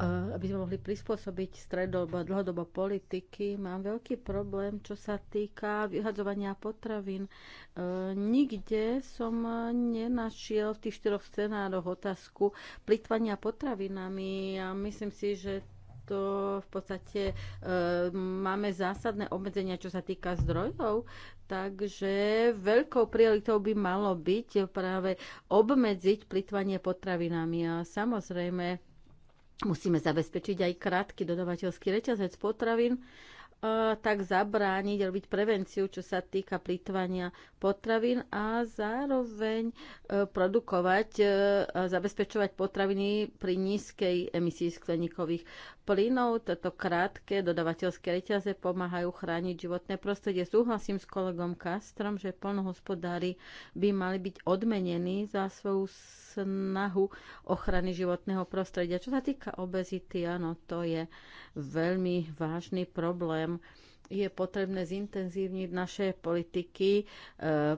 Uh, aby sme mohli prispôsobiť stredobo a dlhodobo politiky, mám veľký problém, čo sa týka vyhadzovania potravín. Uh, nikde som nenašiel v tých štyroch scenároch otázku plitvania potravinami a myslím si, že to v podstate e, máme zásadné obmedzenia, čo sa týka zdrojov, takže veľkou prioritou by malo byť práve obmedziť plitvanie potravinami. A samozrejme, musíme zabezpečiť aj krátky dodavateľský reťazec potravín, tak zabrániť, robiť prevenciu, čo sa týka plýtvania potravín a zároveň e, produkovať, e, zabezpečovať potraviny pri nízkej emisii skleníkových plynov. Toto krátke dodavateľské reťaze pomáhajú chrániť životné prostredie. Súhlasím s kolegom Kastrom, že plnohospodári by mali byť odmenení za svoju snahu ochrany životného prostredia. Čo sa týka obezity, áno, to je veľmi vážny problém je potrebné zintenzívniť naše politiky e,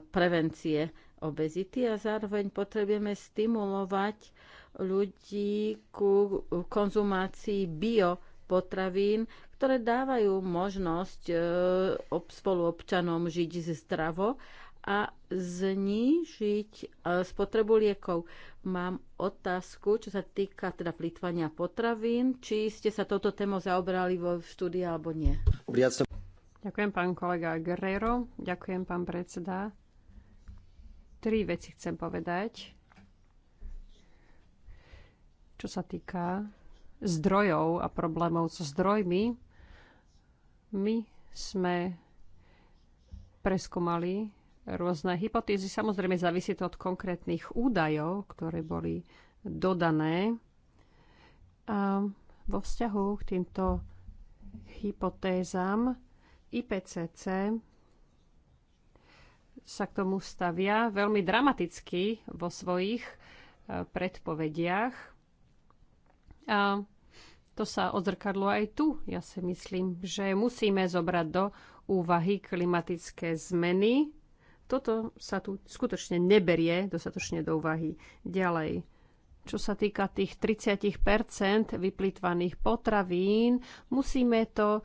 prevencie obezity a zároveň potrebujeme stimulovať ľudí ku konzumácii bio potravín, ktoré dávajú možnosť e, spoluobčanom žiť zdravo a znížiť e, spotrebu liekov. Mám otázku, čo sa týka teda plýtvania potravín. Či ste sa toto tému zaobrali vo štúdii alebo nie? Ďakujem pán kolega Guerrero, ďakujem pán predseda. Tri veci chcem povedať. Čo sa týka zdrojov a problémov so zdrojmi, my sme preskúmali rôzne hypotézy. Samozrejme, závisí to od konkrétnych údajov, ktoré boli dodané. A vo vzťahu k týmto hypotézam IPCC sa k tomu stavia veľmi dramaticky vo svojich eh, predpovediach a to sa odzrkadlo aj tu. Ja si myslím, že musíme zobrať do úvahy klimatické zmeny. Toto sa tu skutočne neberie dostatočne do úvahy. Ďalej, čo sa týka tých 30 vyplýtvaných potravín, musíme to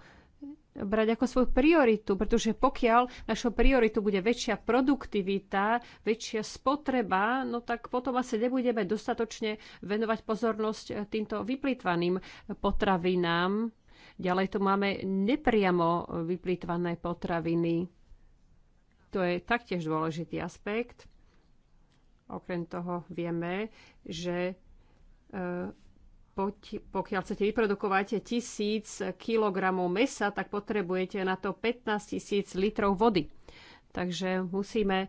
brať ako svoju prioritu, pretože pokiaľ našou prioritu bude väčšia produktivita, väčšia spotreba, no tak potom asi nebudeme dostatočne venovať pozornosť e, týmto vyplýtvaným potravinám. Ďalej tu máme nepriamo vyplýtvané potraviny. To je taktiež dôležitý aspekt. Okrem toho vieme, že e, pokiaľ chcete vyprodukovať tisíc kilogramov mesa, tak potrebujete na to 15 tisíc litrov vody. Takže musíme e,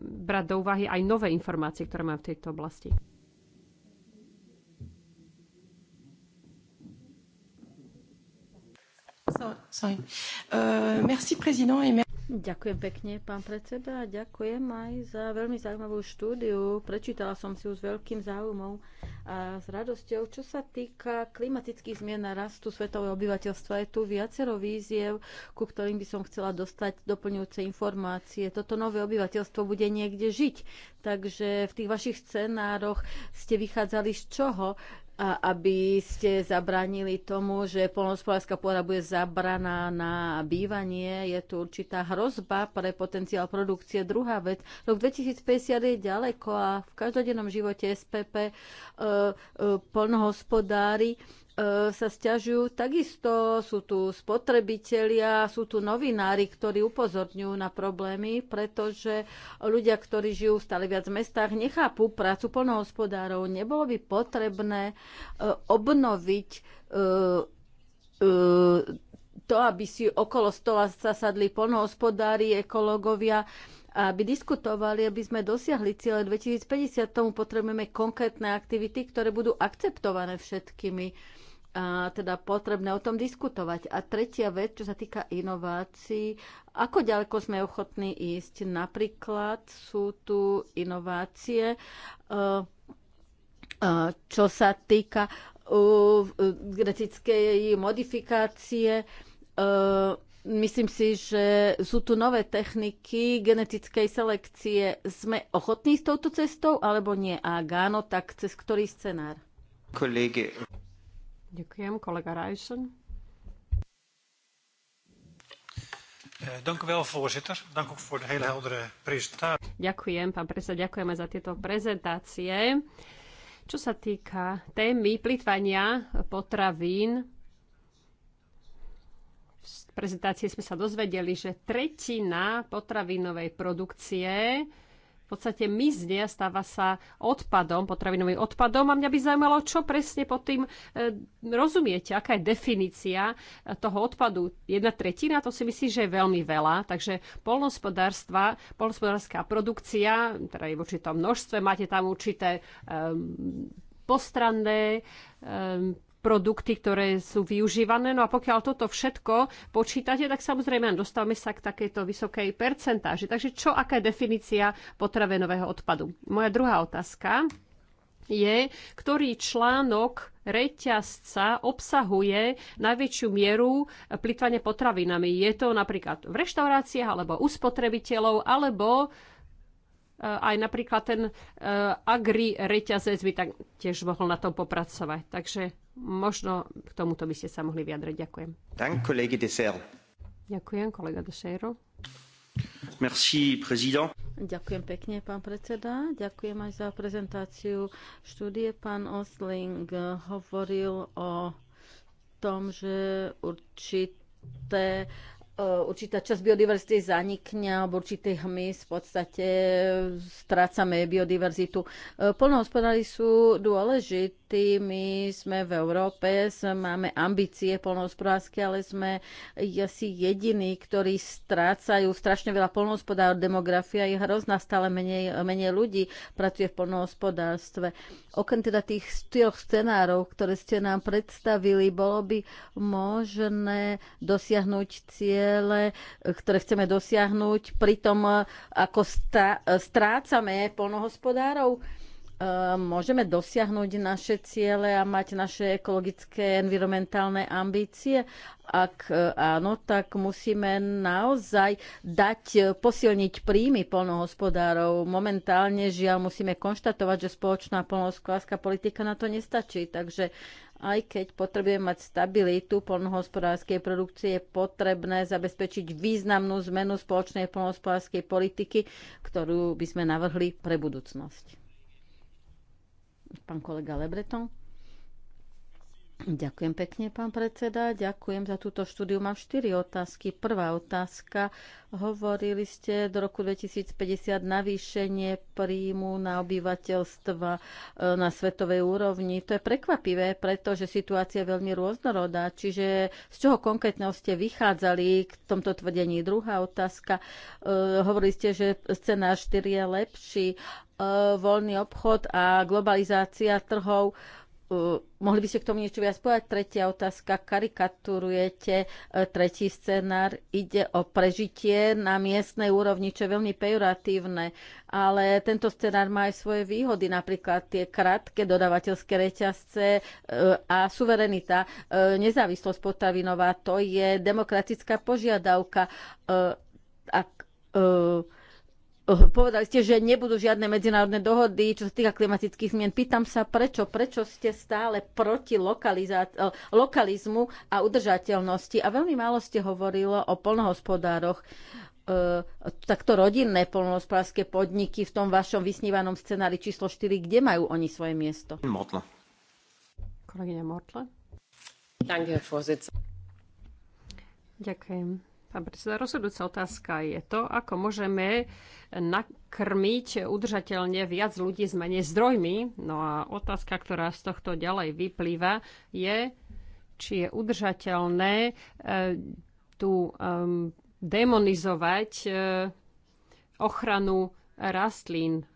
brať do úvahy aj nové informácie, ktoré máme v tejto oblasti. So, uh, merci, prezident. Ďakujem pekne, pán predseda. Ďakujem aj za veľmi zaujímavú štúdiu. Prečítala som si ju s veľkým záujmom a s radosťou. Čo sa týka klimatických zmien a rastu svetového obyvateľstva, je tu viacero víziev, ku ktorým by som chcela dostať doplňujúce informácie. Toto nové obyvateľstvo bude niekde žiť. Takže v tých vašich scenároch ste vychádzali z čoho? a aby ste zabránili tomu, že polnospodárska pôda bude zabraná na bývanie. Je tu určitá hrozba pre potenciál produkcie. Druhá vec, rok 2050 je ďaleko a v každodennom živote SPP uh, eh, uh, eh, polnohospodári E, sa stiažujú takisto, sú tu spotrebitelia, sú tu novinári, ktorí upozorňujú na problémy, pretože ľudia, ktorí žijú stále viac v mestách, nechápu prácu plnohospodárov. Nebolo by potrebné e, obnoviť e, to, aby si okolo stola zasadli plnohospodári, ekológovia, aby diskutovali, aby sme dosiahli cieľe 2050, tomu potrebujeme konkrétne aktivity, ktoré budú akceptované všetkými a teda potrebné o tom diskutovať. A tretia vec, čo sa týka inovácií, ako ďaleko sme ochotní ísť? Napríklad sú tu inovácie, e, e, čo sa týka genetickej modifikácie, e, myslím si, že sú tu nové techniky genetickej selekcie. Sme ochotní s touto cestou alebo nie? A áno, tak cez ktorý scenár? Kolege. Ďakujem. Kolega Rajsen. Eh, Ďakujem, pán predseda, ďakujeme za tieto prezentácie. Čo sa týka témy plýtvania potravín, z prezentácie sme sa dozvedeli, že tretina potravinovej produkcie v podstate mizne, stáva sa odpadom, potravinovým odpadom. A mňa by zaujímalo, čo presne pod tým e, rozumiete, aká je definícia toho odpadu. Jedna tretina, to si myslím, že je veľmi veľa. Takže polnospodárstva, polnospodárska produkcia, teda je v určitom množstve, máte tam určité um, postranné um, produkty, ktoré sú využívané. No a pokiaľ toto všetko počítate, tak samozrejme dostávame sa k takejto vysokej percentáži. Takže čo, aká je definícia potravenového odpadu? Moja druhá otázka je, ktorý článok reťazca obsahuje najväčšiu mieru plitvania potravinami. Je to napríklad v reštauráciách, alebo u spotrebiteľov, alebo Eh, aj napríklad ten eh, agri reťazec by tak tiež mohol na tom popracovať. Takže možno k tomuto by ste sa mohli vyjadriť. Ďakujem. Dank, kolegy Ďakujem, kolega Desero. Merci, prezident. Ďakujem pekne, pán predseda. Ďakujem aj za prezentáciu štúdie. Pán Osling hovoril o tom, že určité určitá časť biodiverzity zanikne alebo určitej hmy v podstate e, strácame biodiverzitu. E, polnohospodári sú dôležití, my sme v Európe, máme ambície polnohospodárske, ale sme asi jediní, ktorí strácajú strašne veľa polnohospodárov, demografia je hrozná, stále menej, menej ľudí pracuje v polnohospodárstve. Okrem teda tých štyroch scenárov, ktoré ste nám predstavili, bolo by možné dosiahnuť cieľ ciele, ktoré chceme dosiahnuť, Pritom, e, ako strácame polnohospodárov. E, môžeme dosiahnuť naše ciele a mať naše ekologické, environmentálne ambície? Ak e, áno, tak musíme naozaj dať posilniť príjmy polnohospodárov. Momentálne žiaľ musíme konštatovať, že spoločná polnohospodárska politika na to nestačí. Takže aj keď potrebujeme mať stabilitu polnohospodárskej produkcie, je potrebné zabezpečiť významnú zmenu spoločnej polnohospodárskej politiky, ktorú by sme navrhli pre budúcnosť. Pán kolega Lebreton. Ďakujem pekne, pán predseda. Ďakujem za túto štúdiu. Mám štyri otázky. Prvá otázka. Hovorili ste do roku 2050 navýšenie príjmu na obyvateľstva e, na svetovej úrovni. To je prekvapivé, pretože situácia je veľmi rôznorodá. Čiže z čoho konkrétneho ste vychádzali k tomto tvrdení? Druhá otázka. E, hovorili ste, že scenár 4 je lepší. E, voľný obchod a globalizácia trhov Uh, mohli by ste k tomu niečo viac povedať? Tretia otázka. Karikaturujete uh, tretí scenár. Ide o prežitie na miestnej úrovni, čo je veľmi pejoratívne. Ale tento scenár má aj svoje výhody, napríklad tie krátke dodávateľské reťazce uh, a suverenita. Nezávislosť potravinová, to je demokratická požiadavka. Ak Eh, povedali ste, že nebudú žiadne medzinárodné dohody, čo sa týka klimatických zmien. Pýtam sa, prečo? Prečo ste stále proti eh, lokalizmu a udržateľnosti? A veľmi málo ste hovorilo o polnohospodároch eh, takto rodinné polnohospodárske podniky v tom vašom vysnívanom scenári číslo 4, kde majú oni svoje miesto? Motla. Kolegyňa Motla. Ďakujem. Pán predseda, rozhodujúca otázka je to, ako môžeme nakrmiť udržateľne viac ľudí s menej zdrojmi. No a otázka, ktorá z tohto ďalej vyplýva, je, či je udržateľné e, tu e, demonizovať e, ochranu rastlín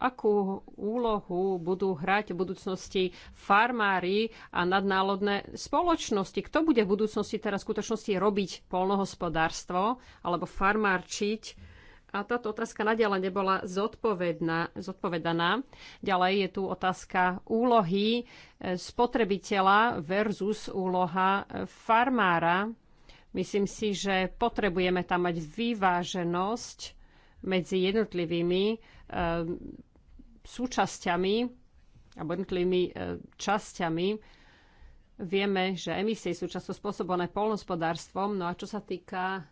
akú úlohu budú hrať v budúcnosti farmári a nadnárodné spoločnosti. Kto bude v budúcnosti teraz v skutočnosti robiť polnohospodárstvo alebo farmárčiť? A táto otázka nadiaľa nebola zodpovedaná. Ďalej je tu otázka úlohy e, spotrebiteľa versus úloha e, farmára. Myslím si, že potrebujeme tam mať vyváženosť medzi jednotlivými e, súčasťami alebo jednotlivými e, časťami vieme, že emisie sú často spôsobené polnospodárstvom. No a čo sa týka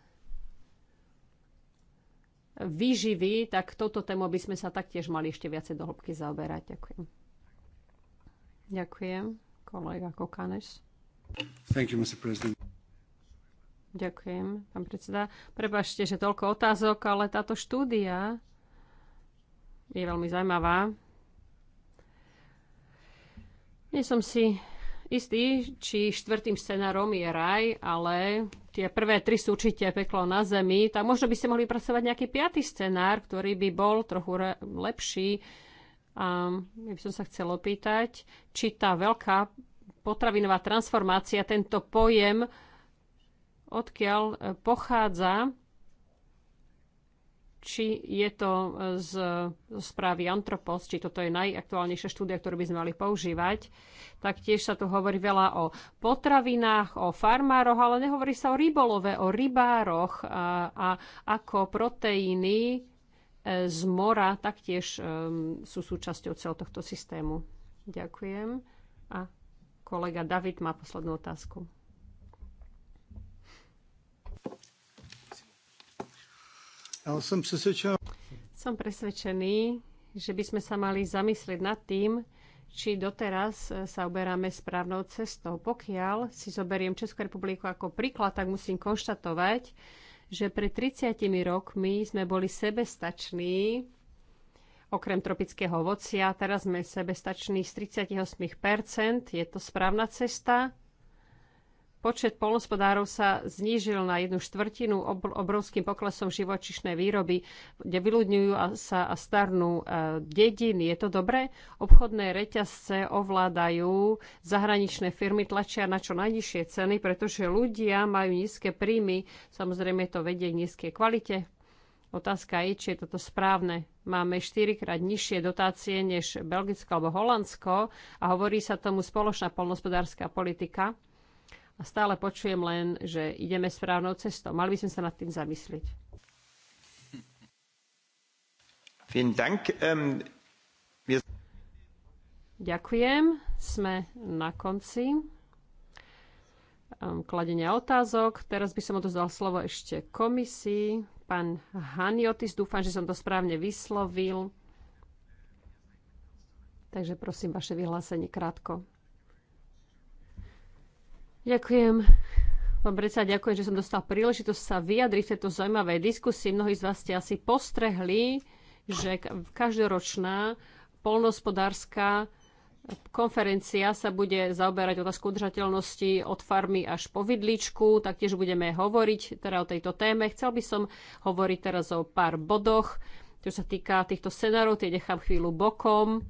výživy, tak toto tému by sme sa taktiež mali ešte viacej do hĺbky zaoberať. Ďakujem. Ďakujem, kolega Kokanes. Thank you, Mr. President. Ďakujem, pán predseda. Prepašte, že toľko otázok, ale táto štúdia je veľmi zaujímavá. Nie som si istý, či štvrtým scenárom je raj, ale tie prvé tri sú určite peklo na zemi. Tak možno by ste mohli pracovať nejaký piatý scenár, ktorý by bol trochu lepší. A ja by som sa chcel opýtať, či tá veľká potravinová transformácia, tento pojem, odkiaľ pochádza, či je to e, z správy Antropos, či toto je najaktuálnejšia štúdia, ktorú by sme mali používať. Taktiež sa tu hovorí veľa o potravinách, o farmároch, ale nehovorí sa o rybolove, o rybároch a, a ako proteíny e, z mora taktiež um, sú súčasťou celého tohto systému. Ďakujem. A kolega David má poslednú otázku. Som presvedčený, že by sme sa mali zamyslieť nad tým, či doteraz e, sa oberáme správnou cestou. Pokiaľ si zoberiem Českú republiku ako príklad, tak musím konštatovať, že pred 30 rokmi sme boli sebestační, okrem tropického ovocia, teraz sme sebestační z 38%, je to správna cesta, počet polnospodárov sa znížil na jednu štvrtinu obrovským poklesom živočišnej výroby, kde vyľudňujú sa a starnú e, dediny. Je to dobré? Obchodné reťazce ovládajú zahraničné firmy, tlačia na čo najnižšie ceny, pretože ľudia majú nízke príjmy. Samozrejme to vedie k nízkej kvalite. Otázka je, či je toto správne. Máme 4 krát nižšie dotácie než Belgicko alebo Holandsko a hovorí sa tomu spoločná polnospodárska politika a stále počujem len, že ideme správnou cestou. Mali by sme sa nad tým zamyslieť. Ähm, Ďakujem. Sme na konci ähm, kladenia otázok. Teraz by som odozdal slovo ešte komisii. Pán Haniotis, dúfam, že som to správne vyslovil. Takže prosím, vaše vyhlásenie krátko. Ďakujem. Pán predseda, ďakujem, že som dostal príležitosť sa vyjadriť v tejto zaujímavej diskusii. Mnohí z vás ste asi postrehli, že každoročná polnospodárska konferencia sa bude zaoberať otázku udržateľnosti od farmy až po vidličku. Taktiež budeme hovoriť teda o tejto téme. Chcel by som hovoriť teraz o pár bodoch, čo sa týka týchto scenárov, tie nechám chvíľu bokom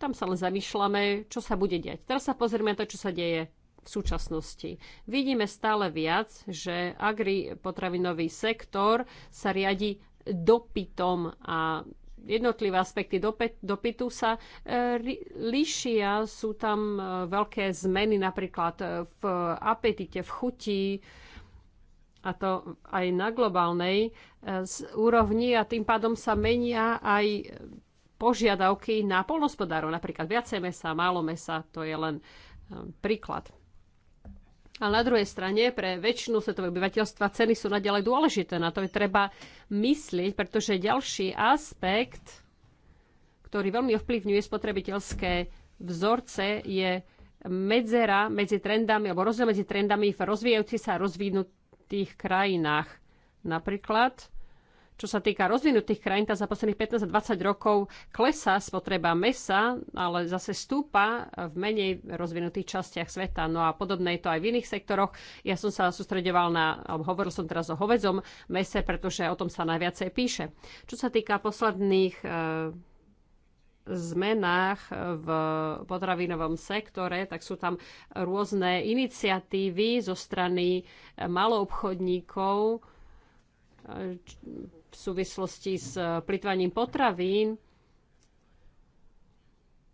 tam sa len zamýšľame, čo sa bude diať. Teraz sa pozrieme na to, čo sa deje v súčasnosti. Vidíme stále viac, že agripotravinový sektor sa riadi dopytom a jednotlivé aspekty dopytu sa e, líšia. Sú tam e, veľké zmeny napríklad e, v apetite, v chuti, a to aj na globálnej úrovni a tým pádom sa menia aj požiadavky na polnospodárov, napríklad viacej mesa, málo mesa, to je len um, príklad. A na druhej strane pre väčšinu svetového obyvateľstva ceny sú naďalej dôležité. Na to je treba myslieť, pretože ďalší aspekt, ktorý veľmi ovplyvňuje spotrebiteľské vzorce, je medzera medzi trendami, alebo rozdiel medzi trendami v rozvíjajúcich sa a rozvinutých krajinách. Napríklad čo sa týka rozvinutých krajín, tá za posledných 15-20 rokov klesá spotreba mesa, ale zase stúpa v menej rozvinutých častiach sveta. No a podobné je to aj v iných sektoroch. Ja som sa sústredoval na, hovoril som teraz o hovedzom mese, pretože o tom sa najviacej píše. Čo sa týka posledných e, zmenách v potravinovom sektore, tak sú tam rôzne iniciatívy zo strany maloobchodníkov, v súvislosti s eh, plitvaním potravín.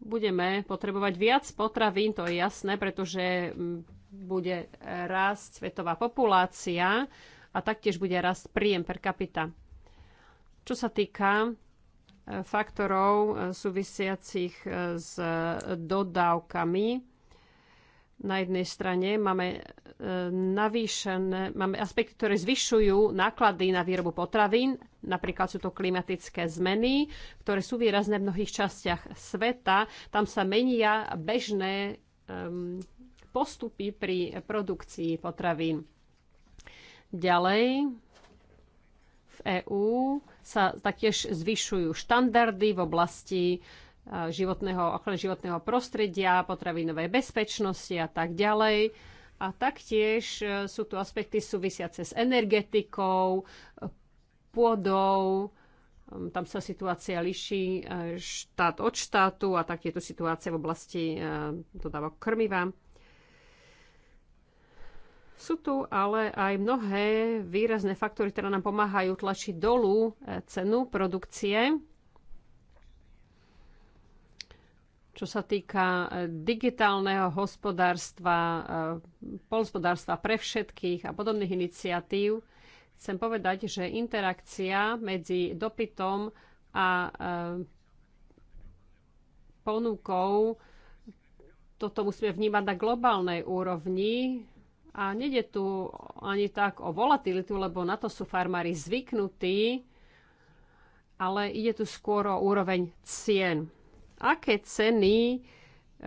Budeme potrebovať viac potravín, to je jasné, pretože mm, bude rásť svetová populácia a taktiež bude rásť príjem per capita. Čo sa týka eh, faktorov eh, súvisiacich s dodávkami, na jednej strane máme, e, navýšené, máme aspekty, ktoré zvyšujú náklady na výrobu potravín, napríklad sú to klimatické zmeny, ktoré sú výrazné v mnohých častiach sveta. Tam sa menia bežné um, postupy pri produkcii potravín. Ďalej, v EÚ sa taktiež zvyšujú štandardy v oblasti Eh, životného, ochrany životného prostredia, potravinovej bezpečnosti a tak ďalej. A taktiež eh, sú tu aspekty súvisiace s energetikou, eh, pôdou, ehm, tam sa situácia liší štát od štátu a tak je tu situácia v oblasti dodávok krmiva. Sú tu ale aj mnohé výrazné faktory, ktoré nám pomáhajú tlačiť dolu cenu produkcie čo sa týka e, digitálneho hospodárstva, e, polhospodárstva pre všetkých a podobných iniciatív, chcem povedať, že interakcia medzi dopytom a e, ponukou, toto musíme vnímať na globálnej úrovni a nede tu ani tak o volatilitu, lebo na to sú farmári zvyknutí, ale ide tu skôr o úroveň cien aké ceny e,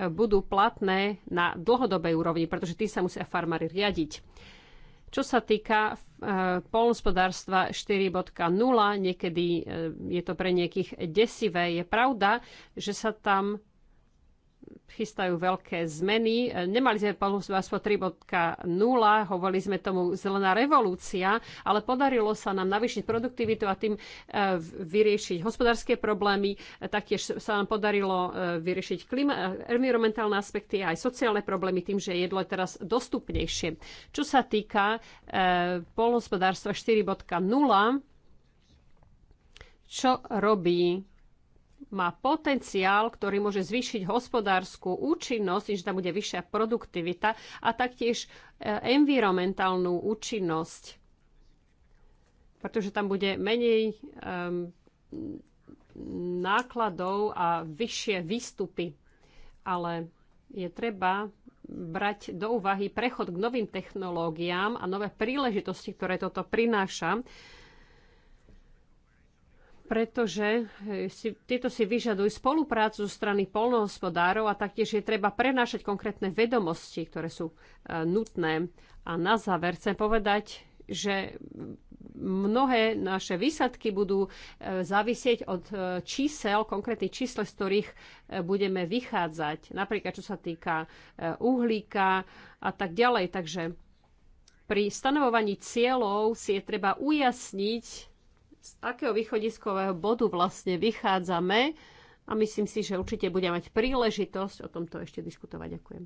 budú platné na dlhodobej úrovni, pretože tým sa musia farmári riadiť. Čo sa týka e, polnospodárstva 4.0, niekedy e, je to pre niekých desivé. Je pravda, že sa tam chystajú veľké zmeny. Nemali sme polnospodárstvo 3.0, hovorili sme tomu zelená revolúcia, ale podarilo sa nám navýšiť produktivitu a tým e, vyriešiť hospodárske problémy. Taktiež sa nám podarilo e, vyriešiť klima, e, environmentálne aspekty a aj sociálne problémy tým, že jedlo je teraz dostupnejšie. Čo sa týka polnospodárstva 4.0, čo robí má potenciál, ktorý môže zvýšiť hospodárskú účinnosť, že tam bude vyššia produktivita a taktiež eh, environmentálnu účinnosť, pretože tam bude menej um, nákladov a vyššie výstupy. Ale je treba brať do úvahy prechod k novým technológiám a nové príležitosti, ktoré toto prináša pretože eh, si, tieto si vyžadujú spoluprácu zo strany polnohospodárov a taktiež je treba prenášať konkrétne vedomosti, ktoré sú eh, nutné. A na záver chcem povedať, že mnohé naše výsadky budú eh, závisieť od čísel, konkrétnych čísel, z ktorých budeme vychádzať, napríklad čo sa týka uhlíka a tak ďalej. Takže pri stanovovaní cieľov si je treba ujasniť, z akého východiskového bodu vlastne vychádzame a myslím si, že určite budeme mať príležitosť o tomto ešte diskutovať. Ďakujem.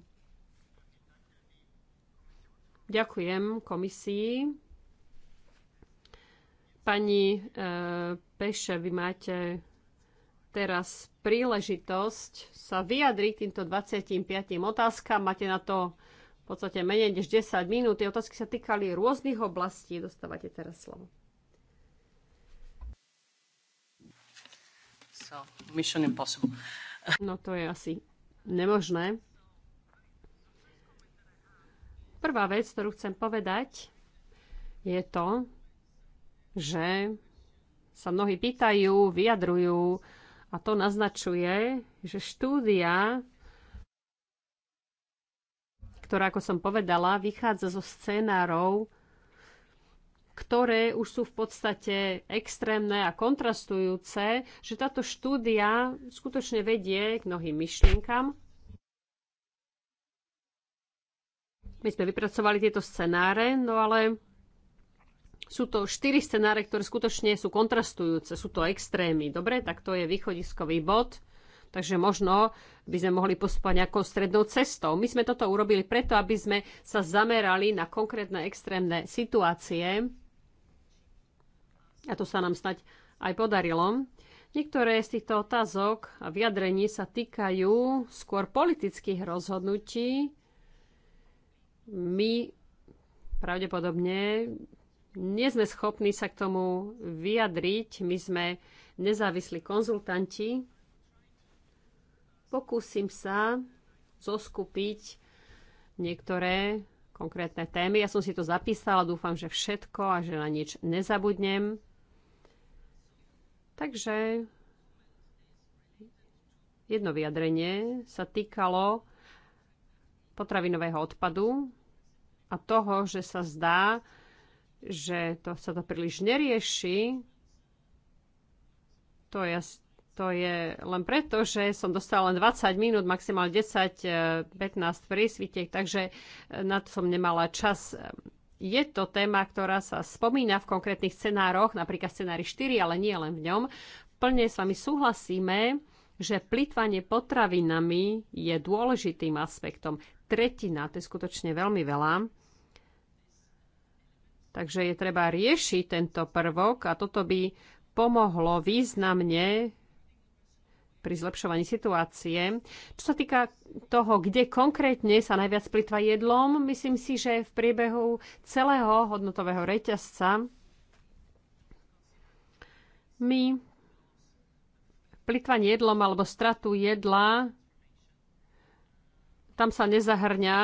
Ďakujem komisii. Pani e, Peše, vy máte teraz príležitosť sa vyjadriť týmto 25. otázkam. Máte na to v podstate menej než 10 minút. Tie otázky sa týkali rôznych oblastí. Dostávate teraz slovo. So, mission impossible. No to je asi nemožné. Prvá vec, ktorú chcem povedať, je to, že sa mnohí pýtajú, vyjadrujú a to naznačuje, že štúdia, ktorá, ako som povedala, vychádza zo scénárov, ktoré už sú v podstate extrémne a kontrastujúce, že táto štúdia skutočne vedie k mnohým myšlienkam. My sme vypracovali tieto scenáre, no ale sú to štyri scenáre, ktoré skutočne sú kontrastujúce, sú to extrémy. Dobre, tak to je východiskový bod. Takže možno by sme mohli postupovať nejakou strednou cestou. My sme toto urobili preto, aby sme sa zamerali na konkrétne extrémne situácie, a to sa nám stať aj podarilo. Niektoré z týchto otázok a vyjadrení sa týkajú skôr politických rozhodnutí. My pravdepodobne nie sme schopní sa k tomu vyjadriť. My sme nezávislí konzultanti. Pokúsim sa zoskupiť niektoré konkrétne témy. Ja som si to zapísala, dúfam, že všetko a že na nič nezabudnem. Takže jedno vyjadrenie sa týkalo potravinového odpadu a toho, že sa zdá, že to sa to príliš nerieši. To je, to je len preto, že som dostala len 20 minút, maximálne 10-15 eh, prísvitek, takže eh, na to som nemala čas eh, je to téma, ktorá sa spomína v konkrétnych scenároch, napríklad scenári 4, ale nie len v ňom. Plne s vami súhlasíme, že plýtvanie potravinami je dôležitým aspektom. Tretina, to je skutočne veľmi veľa. Takže je treba riešiť tento prvok a toto by pomohlo významne pri zlepšovaní situácie. Čo sa týka toho, kde konkrétne sa najviac plitva jedlom, myslím si, že v priebehu celého hodnotového reťazca my plitvanie jedlom alebo stratu jedla tam sa nezahrňa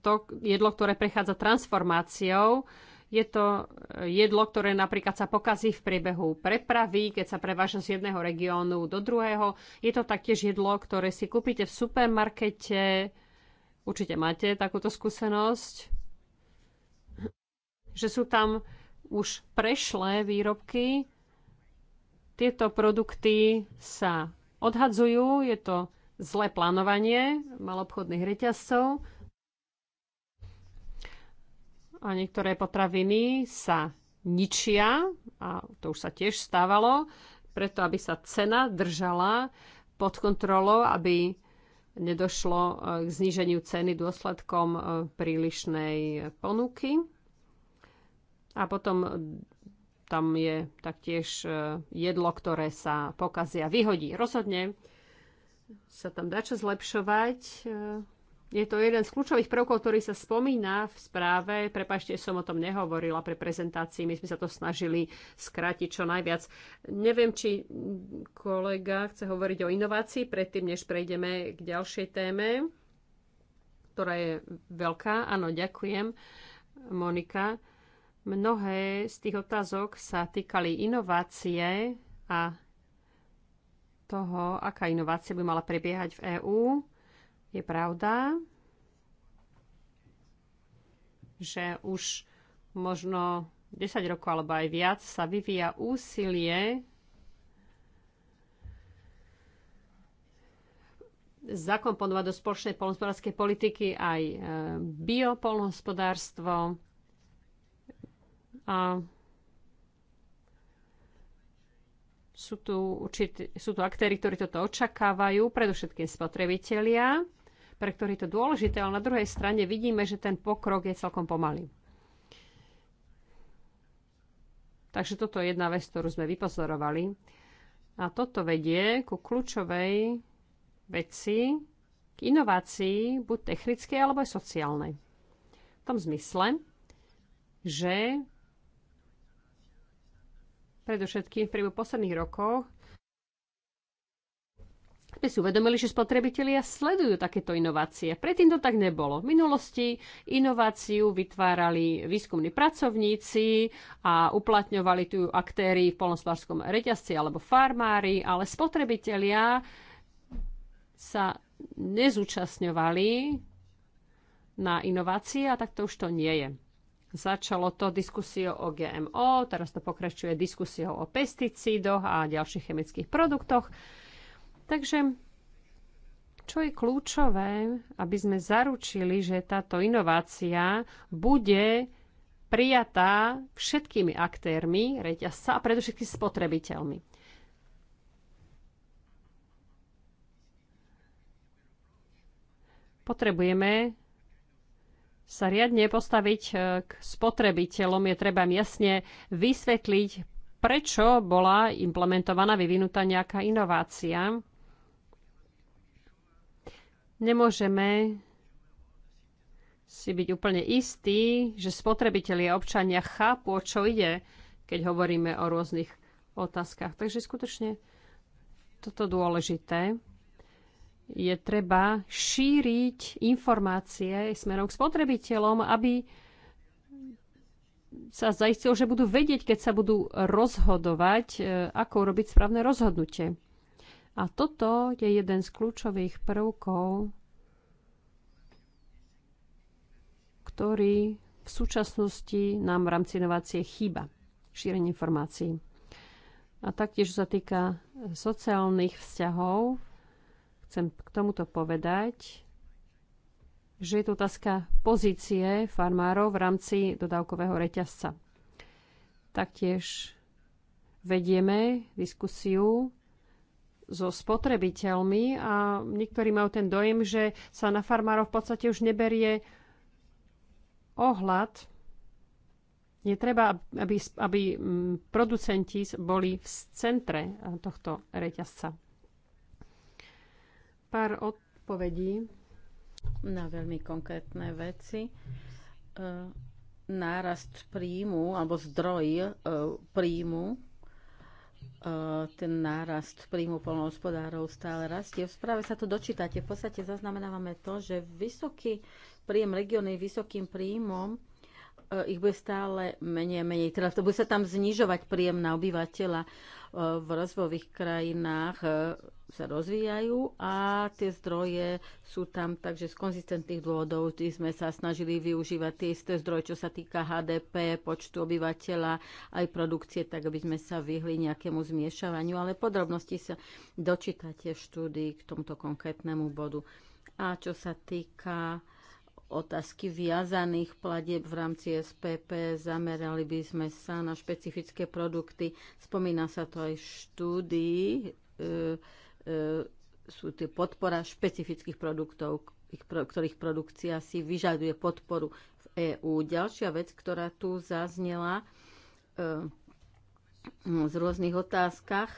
to jedlo, ktoré prechádza transformáciou. Je to e, jedlo, ktoré napríklad sa pokazí v priebehu prepravy, keď sa preváža z jedného regiónu do druhého. Je to taktiež jedlo, ktoré si kúpite v supermarkete. Určite máte takúto skúsenosť, že sú tam už prešlé výrobky. Tieto produkty sa odhadzujú, je to zlé plánovanie malobchodných reťazcov a niektoré potraviny sa ničia, a to už sa tiež stávalo, preto aby sa cena držala pod kontrolou, aby nedošlo eh, k zníženiu ceny dôsledkom eh, prílišnej ponuky. A potom tam je taktiež eh, jedlo, ktoré sa pokazia, vyhodí. Rozhodne sa tam dá čo zlepšovať je to jeden z kľúčových prvkov, ktorý sa spomína v správe. Prepašte, som o tom nehovorila pre prezentácii. My sme sa to snažili skrátiť čo najviac. Neviem, či kolega chce hovoriť o inovácii predtým, než prejdeme k ďalšej téme, ktorá je veľká. Áno, ďakujem, Monika. Mnohé z tých otázok sa týkali inovácie a toho, aká inovácia by mala prebiehať v EÚ je pravda, že už možno 10 rokov alebo aj viac sa vyvíja úsilie zakomponovať do spoločnej polnospodárskej politiky aj e, biopolnohospodárstvo. A sú tu, určití, sú tu aktéry, ktorí toto očakávajú, predovšetkým spotrebitelia pre ktorý je to dôležité, ale na druhej strane vidíme, že ten pokrok je celkom pomalý. Takže toto je jedna vec, ktorú sme vypozorovali. A toto vedie ku kľúčovej veci, k inovácii, buď technickej alebo aj sociálnej. V tom zmysle, že predovšetkým v priebehu posledných rokoch sme si uvedomili, že spotrebitelia sledujú takéto inovácie. Predtým to tak nebolo. V minulosti inováciu vytvárali výskumní pracovníci a uplatňovali tu aktéry v polnospodárskom reťazci alebo farmári, ale spotrebitelia sa nezúčastňovali na inovácie a tak to už to nie je. Začalo to diskusiou o GMO, teraz to pokračuje diskusiou o pesticídoch a ďalších chemických produktoch. Takže čo je kľúčové, aby sme zaručili, že táto inovácia bude prijatá všetkými aktérmi reťazca a predovšetkým spotrebiteľmi. Potrebujeme sa riadne postaviť e, k spotrebiteľom. Je treba im jasne vysvetliť, prečo bola implementovaná, vyvinutá nejaká inovácia. Nemôžeme si byť úplne istí, že spotrebitelia a občania chápu, o čo ide, keď hovoríme o rôznych otázkach. Takže skutočne toto dôležité je treba šíriť informácie smerom k spotrebiteľom, aby sa zaistilo, že budú vedieť, keď sa budú rozhodovať, e, ako urobiť správne rozhodnutie. A toto je jeden z kľúčových prvkov, ktorý v súčasnosti nám v rámci inovácie chýba. Šírenie informácií. A taktiež sa týka sociálnych vzťahov, chcem k tomuto povedať, že je to otázka pozície farmárov v rámci dodávkového reťazca. Taktiež vedieme diskusiu so spotrebiteľmi a niektorí majú ten dojem, že sa na farmárov v podstate už neberie ohľad. Je treba, aby, aby mm, producenti boli v centre tohto reťazca. Pár odpovedí na veľmi konkrétne veci e, nárast príjmu alebo zdroj e, príjmu E, ten nárast príjmu polnohospodárov stále rastie. V správe sa to dočítate. V podstate zaznamenávame to, že vysoký príjem regióny vysokým príjmom E, ich bude stále menej a menej. Teda to bude sa tam znižovať príjem na obyvateľa e, v rozvojových krajinách e, sa rozvíjajú a tie zdroje sú tam, takže z konzistentných dôvodov tí sme sa snažili využívať tie isté zdroje, čo sa týka HDP, počtu obyvateľa, aj produkcie, tak aby sme sa vyhli nejakému zmiešavaniu, ale podrobnosti sa dočítate v štúdii k tomuto konkrétnemu bodu. A čo sa týka otázky viazaných platieb v rámci SPP. Zamerali by sme sa na špecifické produkty. Spomína sa to aj v štúdii. E, e, sú tie podpora špecifických produktov, ktorých produkcia si vyžaduje podporu v EÚ. Ďalšia vec, ktorá tu zaznela e, no, z rôznych otázkach,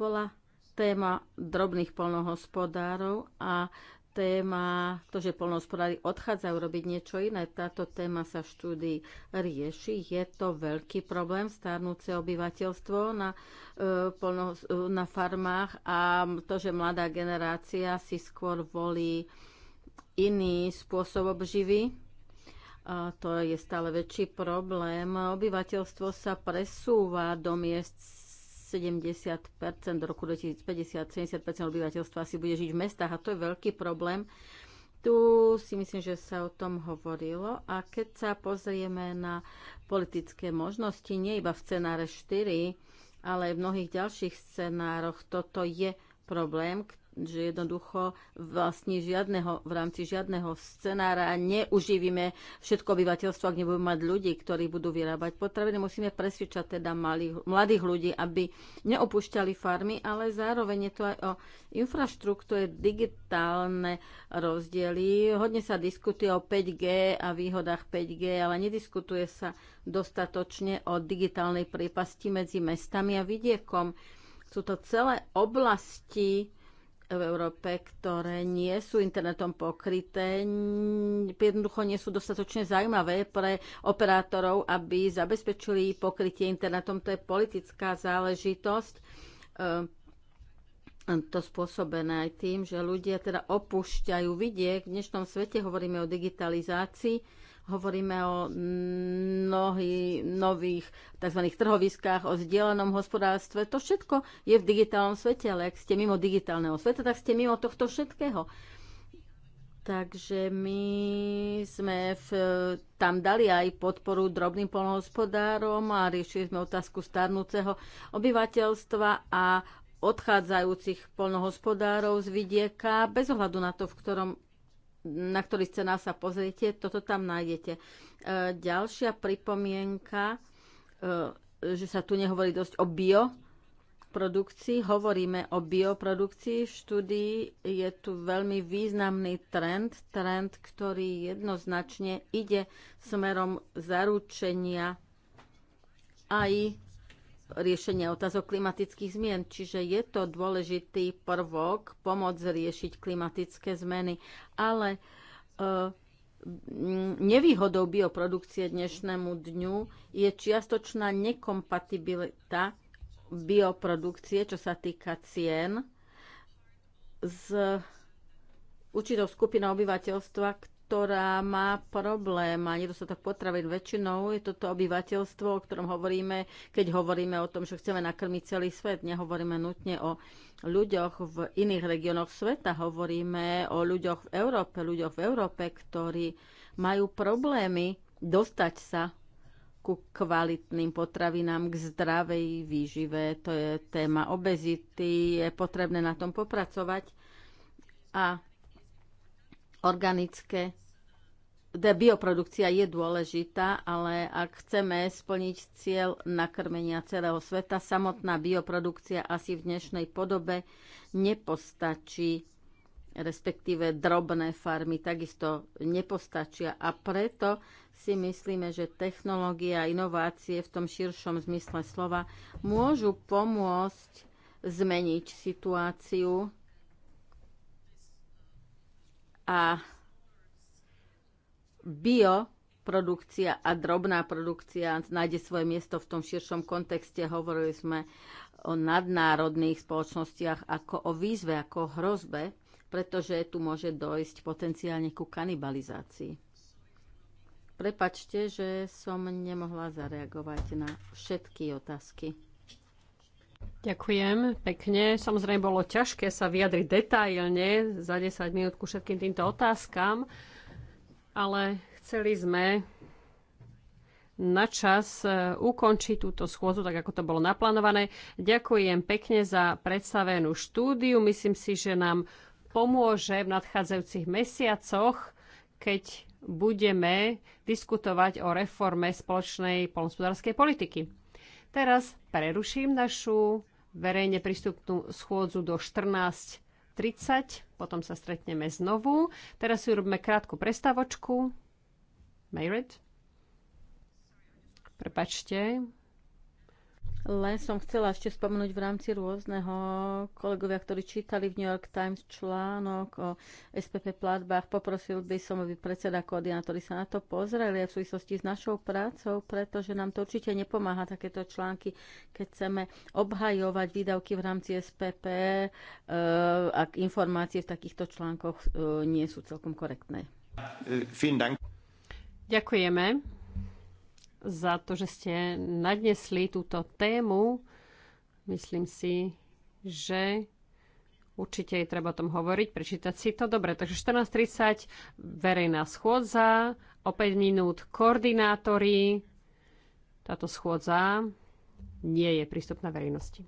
bola téma drobných polnohospodárov a téma, to, že polnohospodári odchádzajú robiť niečo iné, táto téma sa v štúdii rieši. Je to veľký problém, starnúce obyvateľstvo na, e, e, na farmách a to, že mladá generácia si skôr volí iný spôsob obživy, a to je stále väčší problém. Obyvateľstvo sa presúva do miest 70 do roku 2050, 70 obyvateľstva si bude žiť v mestách a to je veľký problém. Tu si myslím, že sa o tom hovorilo. A keď sa pozrieme na politické možnosti, nie iba v scenáre 4, ale aj v mnohých ďalších scenároch, toto je problém, že jednoducho vlastne žiadneho, v rámci žiadneho scenára neuživíme všetko obyvateľstvo, ak nebudeme mať ľudí, ktorí budú vyrábať potraviny. Musíme presvedčať teda malých, mladých ľudí, aby neopúšťali farmy, ale zároveň je to aj o infraštruktúre, digitálne rozdiely. Hodne sa diskutuje o 5G a výhodách 5G, ale nediskutuje sa dostatočne o digitálnej priepasti medzi mestami a vidiekom. Sú to celé oblasti, v Európe, ktoré nie sú internetom pokryté, jednoducho nie sú dostatočne zaujímavé pre operátorov, aby zabezpečili pokrytie internetom. To je politická záležitosť. Ehm, to spôsobené aj tým, že ľudia teda opúšťajú vidiek. V dnešnom svete hovoríme o digitalizácii Hovoríme o mnohých nových tzv. trhoviskách, o zdieľanom hospodárstve. To všetko je v digitálnom svete, ale ak ste mimo digitálneho sveta, tak ste mimo tohto všetkého. Takže my sme v, tam dali aj podporu drobným polnohospodárom a riešili sme otázku starnúceho obyvateľstva a odchádzajúcich polnohospodárov z vidieka bez ohľadu na to, v ktorom na ktorý scenár sa pozriete, toto tam nájdete. E, ďalšia pripomienka, e, že sa tu nehovorí dosť o bio, produkcii, hovoríme o bioprodukcii štúdii je tu veľmi významný trend, trend, ktorý jednoznačne ide smerom zaručenia aj riešenia otázok klimatických zmien. Čiže je to dôležitý prvok pomôcť riešiť klimatické zmeny. Ale e, nevýhodou bioprodukcie dnešnému dňu je čiastočná nekompatibilita bioprodukcie, čo sa týka cien, s určitou skupinou obyvateľstva, ktorá má problém a nedostatok potravín. Väčšinou je toto obyvateľstvo, o ktorom hovoríme, keď hovoríme o tom, že chceme nakrmiť celý svet. Nehovoríme nutne o ľuďoch v iných regiónoch sveta. Hovoríme o ľuďoch v Európe, ľuďoch v Európe, ktorí majú problémy dostať sa ku kvalitným potravinám, k zdravej výžive. To je téma obezity, je potrebné na tom popracovať. A organické bioprodukcia je dôležitá, ale ak chceme splniť cieľ nakrmenia celého sveta, samotná bioprodukcia asi v dnešnej podobe nepostačí, respektíve drobné farmy takisto nepostačia. A preto si myslíme, že technológia a inovácie v tom širšom zmysle slova môžu pomôcť zmeniť situáciu a bio produkcia a drobná produkcia nájde svoje miesto v tom širšom kontexte. Hovorili sme o nadnárodných spoločnostiach ako o výzve, ako o hrozbe, pretože tu môže dojsť potenciálne ku kanibalizácii. Prepačte, že som nemohla zareagovať na všetky otázky. Ďakujem pekne. Samozrejme bolo ťažké sa vyjadriť detailne za 10 minút ku všetkým týmto otázkam, ale chceli sme na čas e, ukončiť túto schôdzu, tak ako to bolo naplánované. Ďakujem pekne za predstavenú štúdiu. Myslím si, že nám pomôže v nadchádzajúcich mesiacoch, keď budeme diskutovať o reforme spoločnej polnospodárskej politiky. Teraz preruším našu verejne prístupnú schôdzu do 14.30, potom sa stretneme znovu. Teraz si urobíme krátku prestavočku. Mayred? Prepačte, len som chcela ešte spomenúť v rámci rôzneho kolegovia, ktorí čítali v New York Times článok o SPP platbách. Poprosil by som, aby predseda koordinátori sa na to pozreli v súvislosti s našou prácou, pretože nám to určite nepomáha takéto články, keď chceme obhajovať výdavky v rámci SPP, e, ak informácie v takýchto článkoch e, nie sú celkom korektné. Ďakujeme za to, že ste nadnesli túto tému. Myslím si, že určite je treba o tom hovoriť, prečítať si to. Dobre, takže 14.30 verejná schôdza, o 5 minút koordinátori. Táto schôdza nie je prístupná verejnosti.